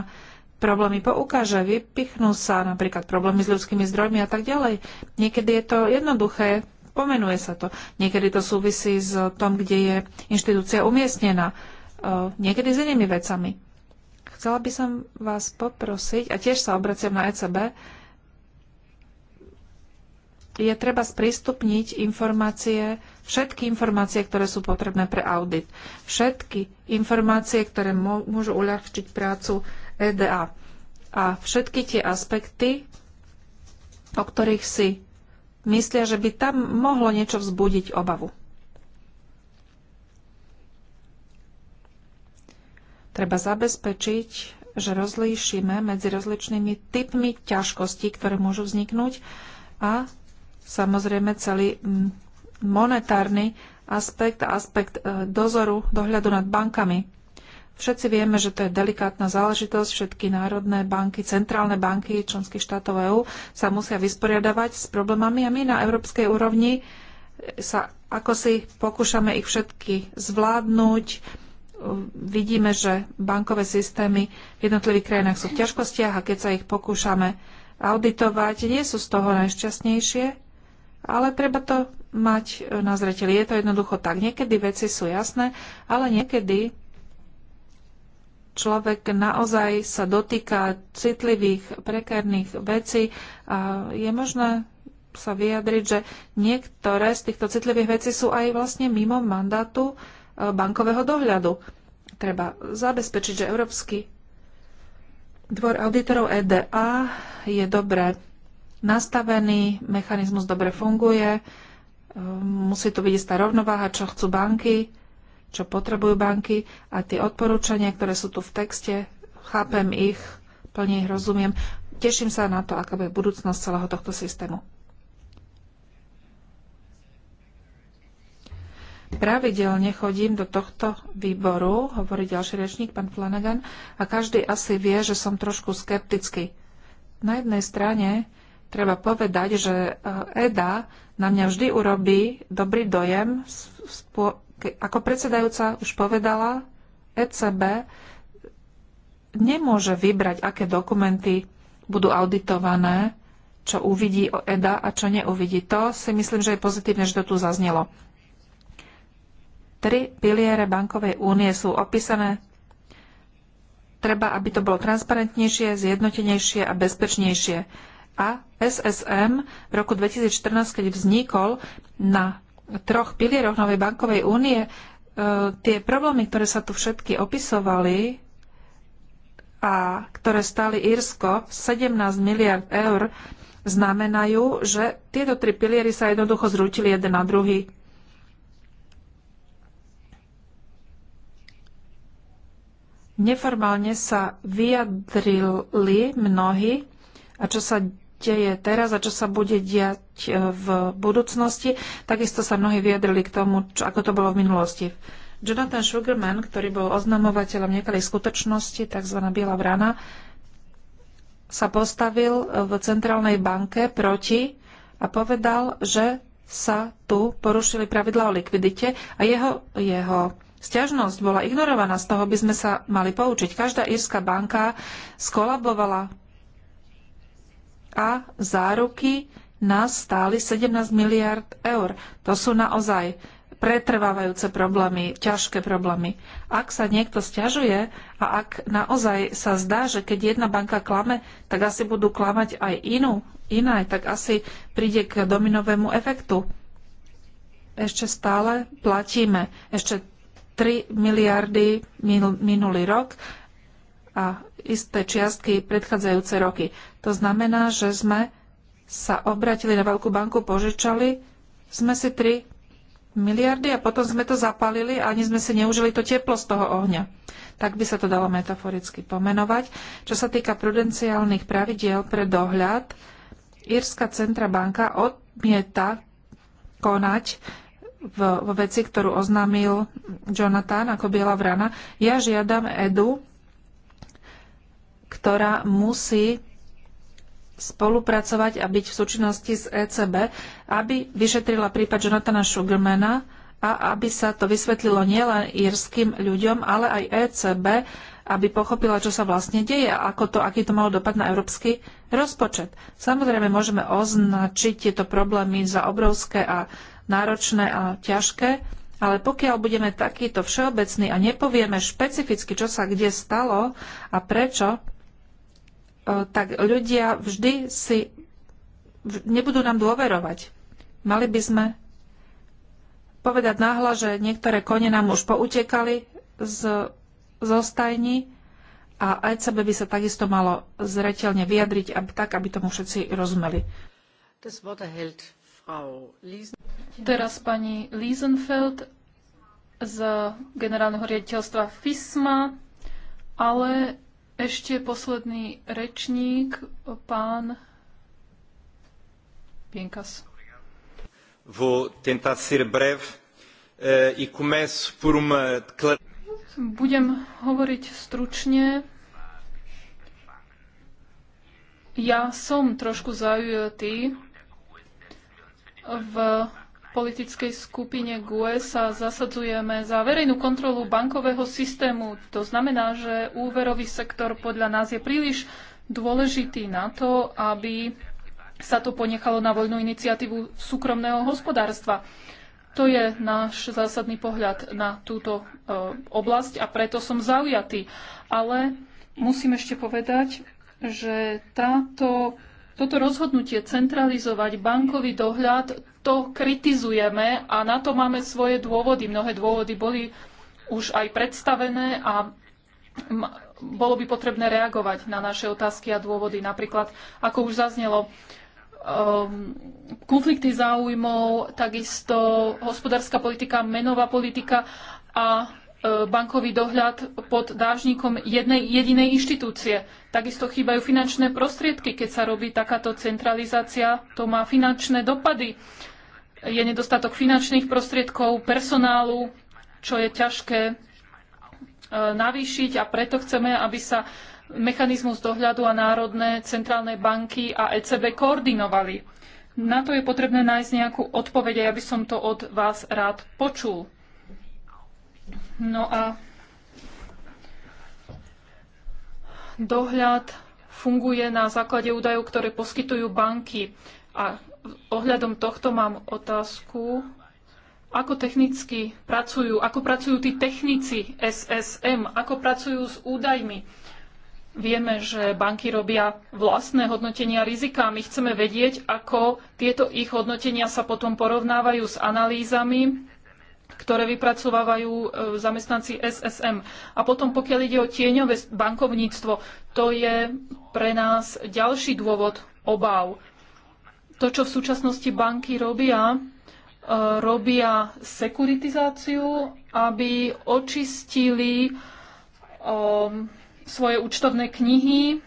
B: problémy poukáže, vypichnú sa napríklad problémy s ľudskými zdrojmi a tak ďalej. Niekedy je to jednoduché, pomenuje sa to. Niekedy to súvisí s tom, kde je inštitúcia umiestnená. E, niekedy s inými vecami. Chcela by som vás poprosiť, a tiež sa obraciam na ECB, je treba sprístupniť informácie, všetky informácie, ktoré sú potrebné pre audit. Všetky informácie, ktoré môžu uľahčiť prácu EDA. A všetky tie aspekty, o ktorých si myslia, že by tam mohlo niečo vzbudiť obavu. Treba zabezpečiť, že rozlíšime medzi rozličnými typmi ťažkostí, ktoré môžu vzniknúť a samozrejme celý mm, monetárny aspekt a aspekt e, dozoru, dohľadu nad bankami. Všetci vieme, že to je delikátna záležitosť. Všetky národné banky, centrálne banky členských štátov EÚ sa musia vysporiadavať s problémami a my na európskej úrovni sa ako si pokúšame ich všetky zvládnuť. Vidíme, že bankové systémy v jednotlivých krajinách sú v ťažkostiach a keď sa ich pokúšame auditovať, nie sú z toho najšťastnejšie ale treba to mať e, na zreteli. Je to jednoducho tak. Niekedy veci sú jasné, ale niekedy človek naozaj sa dotýka citlivých, prekerných vecí a je možné sa vyjadriť, že niektoré z týchto citlivých vecí sú aj vlastne mimo mandátu e, bankového dohľadu. Treba zabezpečiť, že Európsky dvor auditorov EDA je dobre nastavený, mechanizmus dobre funguje, e, musí tu byť istá rovnováha, čo chcú banky, čo potrebujú banky a tie odporúčania, ktoré sú tu v texte, chápem ich, plne ich rozumiem. Teším sa na to, aká bude budúcnosť celého tohto systému. Pravidelne chodím do tohto výboru, hovorí ďalší rečník, pán Flanagan, a každý asi vie, že som trošku skeptický. Na jednej strane treba povedať, že eh, EDA na mňa vždy urobí dobrý dojem. Ako predsedajúca už povedala, ECB nemôže vybrať, aké dokumenty budú auditované, čo uvidí o EDA a čo neuvidí. To si myslím, že je pozitívne, že to tu zaznelo. Tri piliere bankovej únie sú opísané treba, aby to bolo transparentnejšie, zjednotenejšie a bezpečnejšie a SSM v roku 2014, keď vznikol na troch pilieroch Novej bankovej únie, e, tie problémy, ktoré sa tu všetky opisovali a ktoré stáli Írsko 17 miliard eur, znamenajú, že tieto tri piliery sa jednoducho zrútili jeden na druhý. Neformálne sa vyjadrili mnohí a čo sa deje teraz a čo sa bude diať e, v budúcnosti. Takisto sa mnohí vyjadrili k tomu, čo, ako to bolo v minulosti. Jonathan Sugarman, ktorý bol oznamovateľom nekalej skutočnosti, tzv. Biela vrana, sa postavil e, v centrálnej banke proti a povedal, že sa tu porušili pravidla o likvidite a jeho, jeho Sťažnosť bola ignorovaná, z toho by sme sa mali poučiť. Každá írska banka skolabovala a záruky nás stáli 17 miliard eur. To sú naozaj pretrvávajúce problémy, ťažké problémy. Ak sa niekto stiažuje a ak naozaj sa zdá, že keď jedna banka klame, tak asi budú klamať aj inú, iná, tak asi príde k dominovému efektu. Ešte stále platíme. Ešte 3 miliardy minulý rok a isté čiastky predchádzajúce roky. To znamená, že sme sa obratili na veľkú banku, požičali sme si 3 miliardy a potom sme to zapalili a ani sme si neužili to teplo z toho ohňa. Tak by sa to dalo metaforicky pomenovať. Čo sa týka prudenciálnych pravidiel pre dohľad, Írska centra banka odmieta konať v, v veci, ktorú oznámil Jonathan ako biela vrana. Ja žiadam Edu, ktorá musí spolupracovať a byť v súčinnosti s ECB, aby vyšetrila prípad Jonathana Sugarmana a aby sa to vysvetlilo nielen írským ľuďom, ale aj ECB, aby pochopila, čo sa vlastne deje a ako to, aký to malo dopad na európsky rozpočet. Samozrejme, môžeme označiť tieto problémy za obrovské a náročné a ťažké, ale pokiaľ budeme takýto všeobecný a nepovieme špecificky, čo sa kde stalo a prečo, E, tak ľudia vždy si nebudú nám dôverovať. Mali by sme povedať náhla, že niektoré kone nám už poutekali z, z ostajní a sebe by sa takisto malo zretelne vyjadriť aby, tak, aby tomu všetci rozumeli.
C: Teraz pani Liesenfeld z generálneho riaditeľstva FISMA, ale ešte posledný rečník, pán Pienkas. Vou tentar ser breve eh, e começo por uma declaração. Budem hovoriť stručne. Ja som trošku zaujatý v politickej skupine GUE sa zasadzujeme za verejnú kontrolu bankového systému. To znamená, že úverový sektor podľa nás je príliš dôležitý na to, aby sa to ponechalo na voľnú iniciatívu súkromného hospodárstva. To je náš zásadný pohľad na túto e, oblasť a preto som zaujatý. Ale musím ešte povedať, že táto toto rozhodnutie centralizovať bankový dohľad, to kritizujeme a na to máme svoje dôvody. Mnohé dôvody boli už aj predstavené a bolo by potrebné reagovať na naše otázky a dôvody. Napríklad, ako už zaznelo, ehm, konflikty záujmov, takisto hospodárska politika, menová politika a E, bankový dohľad pod dážnikom jednej jedinej inštitúcie. Takisto chýbajú finančné prostriedky, keď sa robí takáto centralizácia, to má finančné dopady. Je nedostatok finančných prostriedkov, personálu, čo je ťažké e, navýšiť a preto chceme, aby sa mechanizmus dohľadu a národné centrálne banky a ECB koordinovali. Na to je potrebné nájsť nejakú odpoveď a ja by som to od vás rád počul. No a dohľad funguje na základe údajov, ktoré poskytujú banky. A ohľadom tohto mám otázku, ako technicky pracujú, ako pracujú tí technici SSM, ako pracujú s údajmi. Vieme, že banky robia vlastné hodnotenia rizika a my chceme vedieť, ako tieto ich hodnotenia sa potom porovnávajú s analýzami ktoré vypracovávajú e, zamestnanci SSM. A potom, pokiaľ ide o tieňové bankovníctvo, to je pre nás ďalší dôvod obáv. To, čo v súčasnosti banky robia, e, robia sekuritizáciu, aby očistili um, svoje účtovné knihy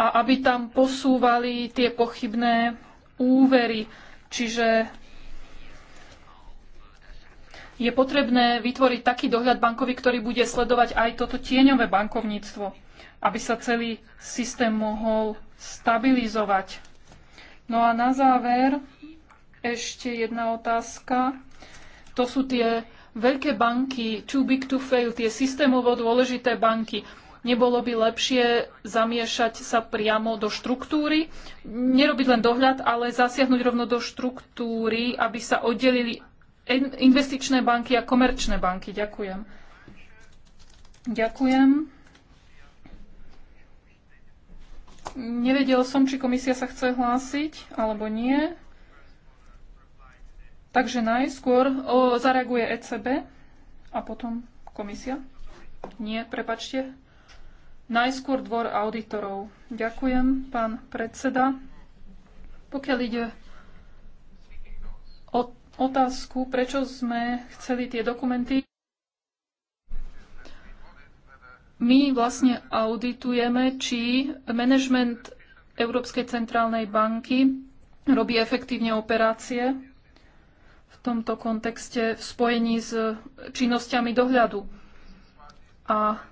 C: a aby tam posúvali tie pochybné úvery. Čiže je potrebné vytvoriť taký dohľad bankový, ktorý bude sledovať aj toto tieňové bankovníctvo, aby sa celý systém mohol stabilizovať. No a na záver ešte jedna otázka. To sú tie veľké banky, too big to fail, tie systémovo dôležité banky. Nebolo by lepšie zamiešať sa priamo do štruktúry, nerobiť len dohľad, ale zasiahnuť rovno do štruktúry, aby sa oddelili investičné banky a komerčné banky. Ďakujem. Ďakujem. Nevedel som, či komisia sa chce hlásiť alebo nie. Takže najskôr o, zareaguje ECB a potom komisia. Nie, prepačte. Najskôr dvor auditorov. Ďakujem, pán predseda. Pokiaľ ide o otázku, prečo sme chceli tie dokumenty. My vlastne auditujeme, či management Európskej centrálnej banky robí efektívne operácie v tomto kontexte v spojení s činnosťami dohľadu. A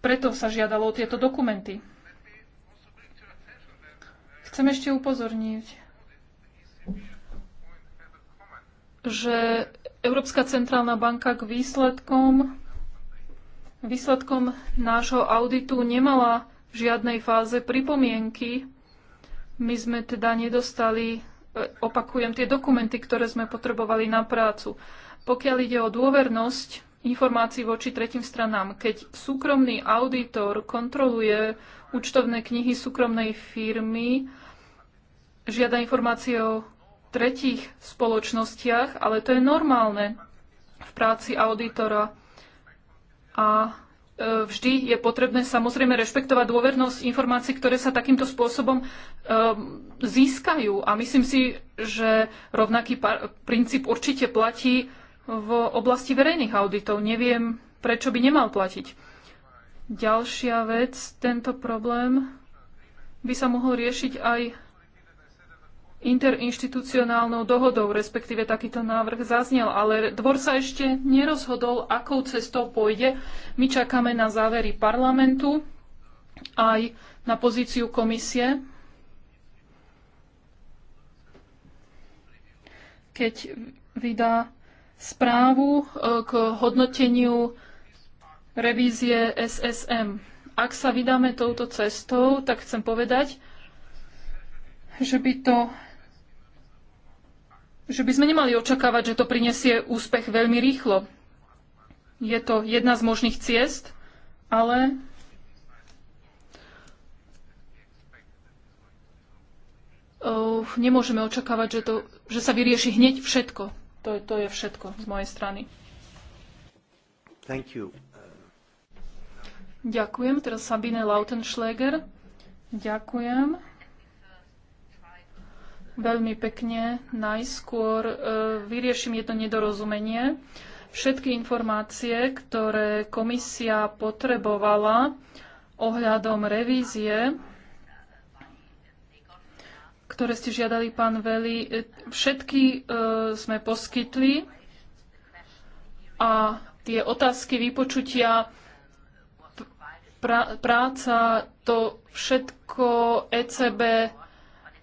C: preto sa žiadalo o tieto dokumenty. Chcem ešte upozorniť že Európska centrálna banka k výsledkom, výsledkom nášho auditu nemala v žiadnej fáze pripomienky. My sme teda nedostali, e, opakujem, tie dokumenty, ktoré sme potrebovali na prácu. Pokiaľ ide o dôvernosť, informácií voči tretím stranám. Keď súkromný auditor kontroluje účtovné knihy súkromnej firmy, žiada informácie o tretích spoločnostiach, ale to je normálne v práci auditora. A e, vždy je potrebné samozrejme rešpektovať dôvernosť informácií, ktoré sa takýmto spôsobom e, získajú. A myslím si, že rovnaký princíp určite platí v oblasti verejných auditov. Neviem, prečo by nemal platiť. Ďalšia vec, tento problém by sa mohol riešiť aj interinštitucionálnou dohodou, respektíve takýto návrh zaznel, ale dvor sa ešte nerozhodol, akou cestou pôjde. My čakáme na závery parlamentu aj na pozíciu komisie. Keď vydá správu e, k hodnoteniu revízie SSM. Ak sa vydáme touto cestou, tak chcem povedať, že by to že by sme nemali očakávať, že to prinesie úspech veľmi rýchlo. Je to jedna z možných ciest, ale uh, nemôžeme očakávať, že, to, že sa vyrieši hneď všetko. To, to je všetko z mojej strany. Thank you. Ďakujem. Teraz Sabine Lautenschläger. Ďakujem. Veľmi pekne. Najskôr e, vyrieším jedno nedorozumenie. Všetky informácie, ktoré komisia potrebovala ohľadom revízie, ktoré ste žiadali, pán Veli, e, všetky e, sme poskytli a tie otázky vypočutia práca, to všetko ECB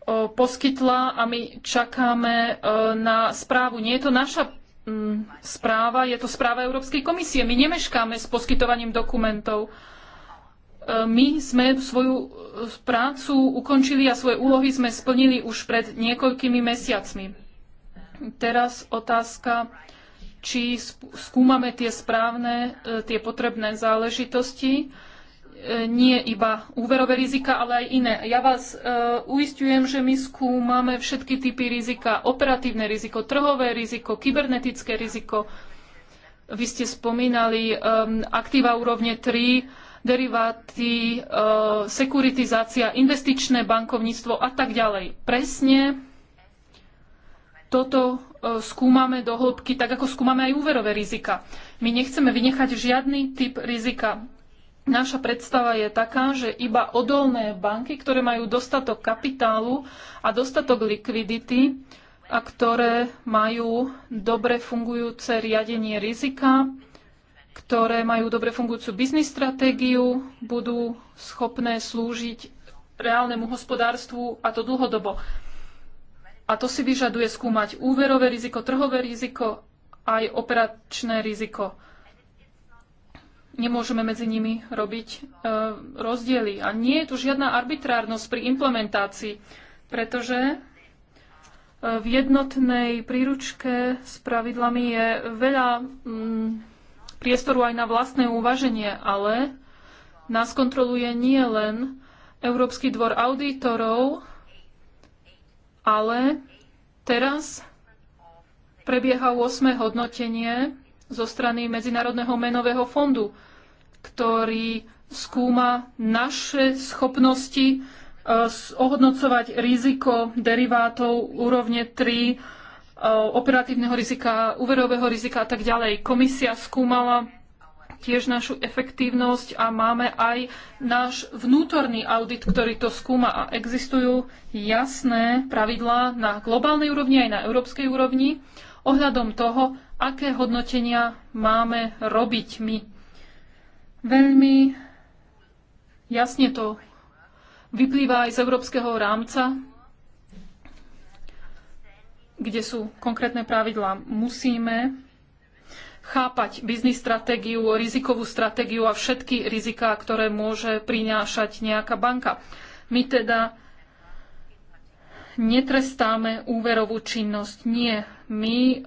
C: E, poskytla a my čakáme e, na správu. Nie je to naša správa, je to správa Európskej komisie. My nemeškáme s poskytovaním dokumentov. E, my sme svoju prácu ukončili a svoje úlohy sme splnili už pred niekoľkými mesiacmi. Teraz otázka, či skúmame tie správne, tie potrebné záležitosti nie iba úverové rizika, ale aj iné. Ja vás e, uistujem, že my skúmame všetky typy rizika. Operatívne riziko, trhové riziko, kybernetické riziko. Vy ste spomínali e, aktíva úrovne 3, deriváty, e, sekuritizácia, investičné bankovníctvo a tak ďalej. Presne toto e, skúmame do hĺbky, tak ako skúmame aj úverové rizika. My nechceme vynechať žiadny typ rizika. Naša predstava je taká, že iba odolné banky, ktoré majú dostatok kapitálu a dostatok likvidity a ktoré majú dobre fungujúce riadenie rizika, ktoré majú dobre fungujúcu biznis stratégiu, budú schopné slúžiť reálnemu hospodárstvu a to dlhodobo. A to si vyžaduje skúmať úverové riziko, trhové riziko, aj operačné riziko nemôžeme medzi nimi robiť e, rozdiely. A nie je tu žiadna arbitrárnosť pri implementácii, pretože e, v jednotnej príručke s pravidlami je veľa mm, priestoru aj na vlastné uvaženie, ale nás kontroluje nie len Európsky dvor auditorov, ale teraz prebieha 8. hodnotenie zo strany Medzinárodného menového fondu ktorý skúma naše schopnosti e, ohodnocovať riziko derivátov úrovne 3, e, operatívneho rizika, úverového rizika a tak ďalej. Komisia skúmala tiež našu efektívnosť a máme aj náš vnútorný audit, ktorý to skúma a existujú jasné pravidlá na globálnej úrovni aj na európskej úrovni ohľadom toho, aké hodnotenia máme robiť my Veľmi jasne to vyplýva aj z európskeho rámca, kde sú konkrétne pravidlá. Musíme chápať biznis stratégiu, rizikovú stratégiu a všetky riziká, ktoré môže prinášať nejaká banka. My teda netrestáme úverovú činnosť. Nie, my uh,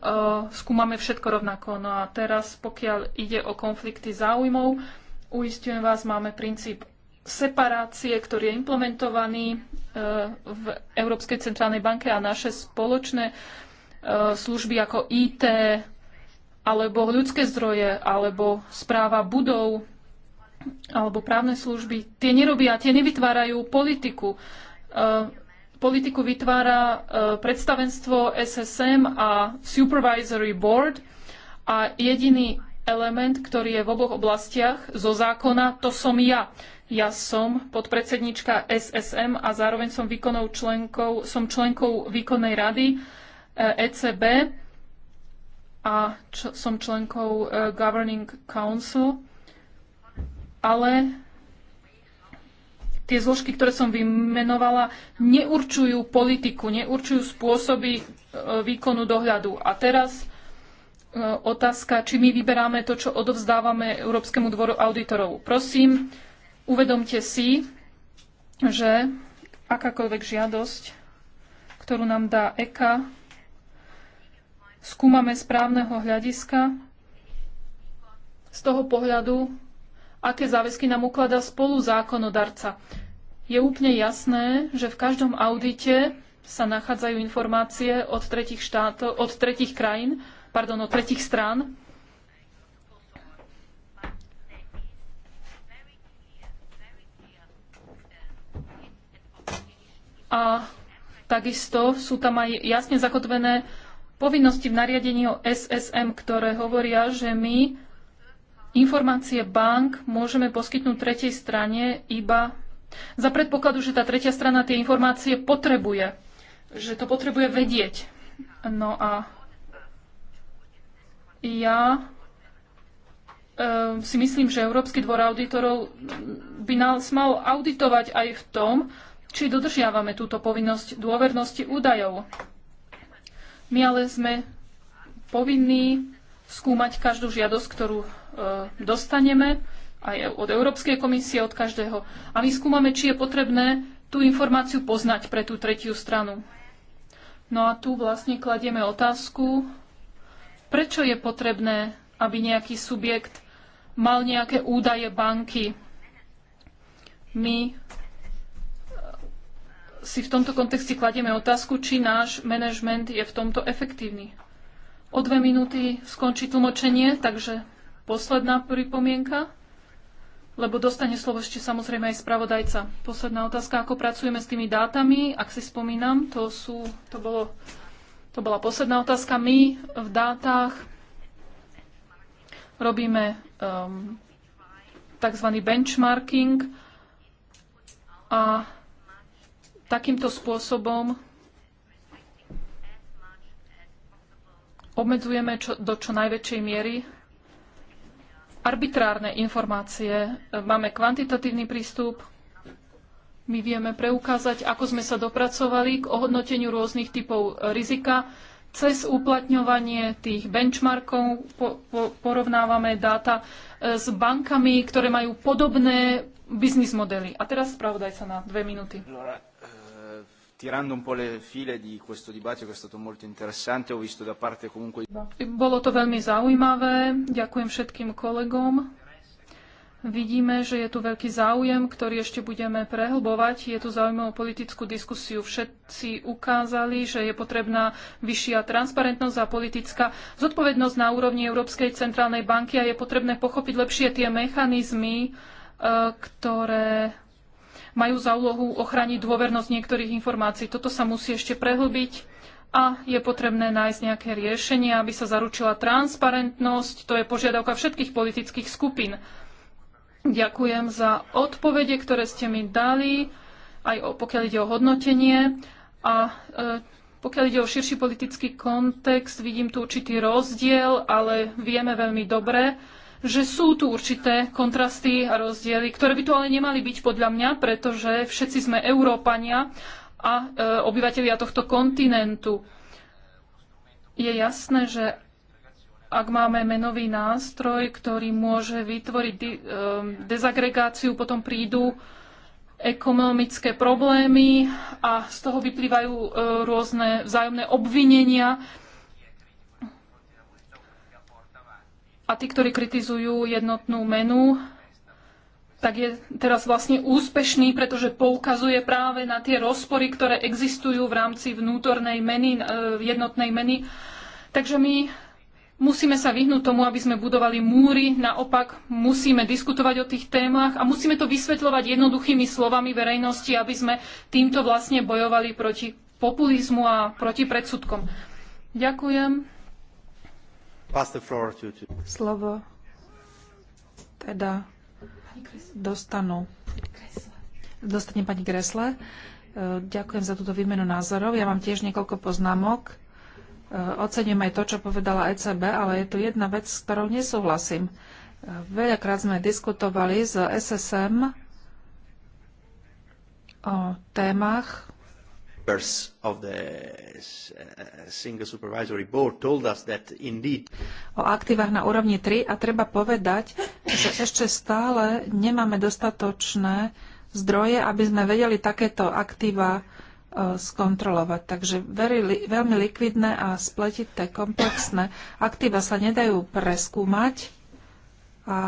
C: skúmame všetko rovnako. No a teraz, pokiaľ ide o konflikty záujmov, uistujem vás, máme princíp separácie, ktorý je implementovaný uh, v Európskej centrálnej banke a naše spoločné uh, služby ako IT alebo ľudské zdroje alebo správa budov alebo právne služby, tie nerobia, tie nevytvárajú politiku politiku vytvára e, predstavenstvo SSM a Supervisory Board a jediný element, ktorý je v oboch oblastiach zo zákona, to som ja. Ja som podpredsednička SSM a zároveň som, výkonnou členkou, som členkou výkonnej rady ECB e a som členkou e, Governing Council, ale tie zložky, ktoré som vymenovala, neurčujú politiku, neurčujú spôsoby e, výkonu dohľadu. A teraz e, otázka, či my vyberáme to, čo odovzdávame Európskemu dvoru auditorov. Prosím, uvedomte si, že akákoľvek žiadosť, ktorú nám dá EKA, skúmame správneho hľadiska z toho pohľadu, aké záväzky nám ukladá spolu zákonodarca. Je úplne jasné, že v každom audite sa nachádzajú informácie od tretich, štáto, od tretich krajín, pardon, od tretich strán. A takisto sú tam aj jasne zakotvené povinnosti v nariadení o SSM, ktoré hovoria, že my informácie bank môžeme poskytnúť tretej strane iba za predpokladu, že tá tretia strana tie informácie potrebuje, že to potrebuje vedieť. No a ja e, si myslím, že Európsky dvor auditorov by nás mal auditovať aj v tom, či dodržiavame túto povinnosť dôvernosti údajov. My ale sme povinní skúmať každú žiadosť, ktorú E, dostaneme aj od Európskej komisie, od každého. A my skúmame, či je potrebné tú informáciu poznať pre tú tretiu stranu. No a tu vlastne kladieme otázku, prečo je potrebné, aby nejaký subjekt mal nejaké údaje banky. My e, si v tomto kontexte kladieme otázku, či náš manažment je v tomto efektívny. O dve minúty skončí tlmočenie, takže posledná pripomienka? Lebo dostane slovo ešte samozrejme aj spravodajca. Posledná otázka, ako pracujeme s tými dátami, ak si spomínam, to, sú, to, bolo, to bola posledná otázka. My v dátach robíme um, ehm, tzv. benchmarking a takýmto spôsobom obmedzujeme čo, do čo najväčšej miery arbitrárne informácie. Máme kvantitatívny prístup, my vieme preukázať, ako sme sa dopracovali k ohodnoteniu rôznych typov rizika. Cez uplatňovanie tých benchmarkov po, po, porovnávame dáta eh, s bankami, ktoré majú podobné biznis modely. A teraz spravodaj sa na dve minúty
A: tirando un po' le file di questo dibattito che è stato molto interessante, ho visto da parte comunque...
C: Bolo to veľmi zaujímavé, ďakujem všetkým kolegom. Vidíme, že je tu veľký záujem, ktorý ešte budeme prehlbovať. Je tu zaujímavú politickú diskusiu. Všetci ukázali, že je potrebná vyššia transparentnosť a politická zodpovednosť na úrovni Európskej centrálnej banky a je potrebné pochopiť lepšie tie mechanizmy, eh, ktoré majú za úlohu ochraniť dôvernosť niektorých informácií. Toto sa musí ešte prehlbiť a je potrebné nájsť nejaké riešenie, aby sa zaručila transparentnosť. To je požiadavka všetkých politických skupín. Ďakujem za odpovede, ktoré ste mi dali, aj o, pokiaľ ide o hodnotenie. A e, pokiaľ ide o širší politický kontext, vidím tu určitý rozdiel, ale vieme veľmi dobre, že sú tu určité kontrasty a rozdiely, ktoré by tu ale nemali byť podľa mňa, pretože všetci sme Európania a e, obyvateľia tohto kontinentu. Je jasné, že ak máme menový nástroj, ktorý môže vytvoriť e, dezagregáciu, potom prídu ekonomické problémy a z toho vyplývajú e, rôzne vzájomné obvinenia. A tí, ktorí kritizujú jednotnú menu, tak je teraz vlastne úspešný, pretože poukazuje práve na tie rozpory, ktoré existujú v rámci vnútornej meny, e, jednotnej meny. Takže my musíme sa vyhnúť tomu, aby sme budovali múry, naopak musíme diskutovať o tých témach a musíme to vysvetľovať jednoduchými slovami verejnosti, aby sme týmto vlastne bojovali proti populizmu a proti predsudkom. Ďakujem.
B: Slovo teda dostanú. Dostane pani Gresle. E, ďakujem za túto výmenu názorov. Ja mám tiež niekoľko poznámok. E, Ocením aj to, čo povedala ECB, ale je tu jedna vec, s ktorou nesúhlasím. E, veľakrát sme diskutovali s SSM o témach,
A: members of the uh, single supervisory board told us that
B: indeed o aktívach na úrovni 3 a treba povedať, že ešte stále nemáme dostatočné zdroje, aby sme vedeli takéto aktíva uh, skontrolovať. Takže veri, veľmi likvidné a spletité, komplexné aktíva sa nedajú preskúmať a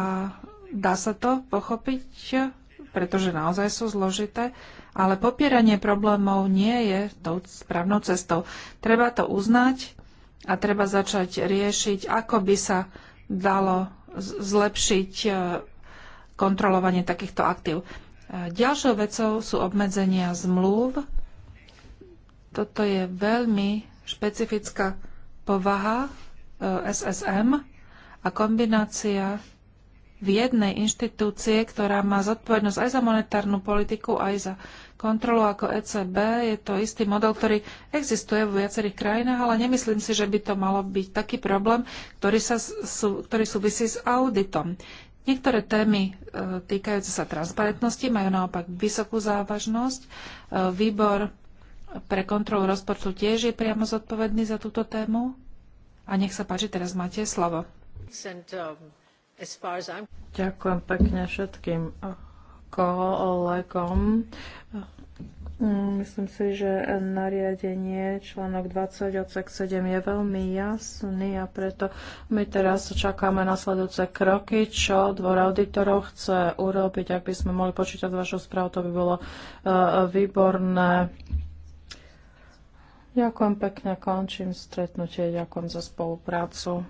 B: dá sa to pochopiť, pretože naozaj sú zložité. Ale popieranie problémov nie je tou správnou cestou. Treba to uznať a treba začať riešiť, ako by sa dalo zlepšiť e, kontrolovanie takýchto aktív. E, ďalšou vecou sú obmedzenia zmluv. Toto je veľmi špecifická povaha e, SSM a kombinácia v jednej inštitúcie, ktorá má zodpovednosť aj za monetárnu politiku, aj za kontrolu ako ECB. Je to istý model, ktorý existuje vo viacerých krajinách, ale nemyslím si, že by to malo byť taký problém, ktorý, sa, sú, ktorý súvisí s auditom. Niektoré témy e, týkajúce sa transparentnosti majú naopak vysokú závažnosť. E, výbor pre kontrolu rozpočtu tiež je priamo zodpovedný za túto tému. A nech sa páči, teraz máte slovo.
A: And, um...
B: Ďakujem pekne všetkým kolegom. Myslím si,
A: že nariadenie článok 20 odsek 7 je veľmi jasný a preto my teraz čakáme nasledujúce kroky, čo dvor auditorov chce urobiť. Ak by sme mohli počítať vašu správu, to by bolo uh, výborné. Ďakujem pekne, končím stretnutie, ďakujem za spoluprácu.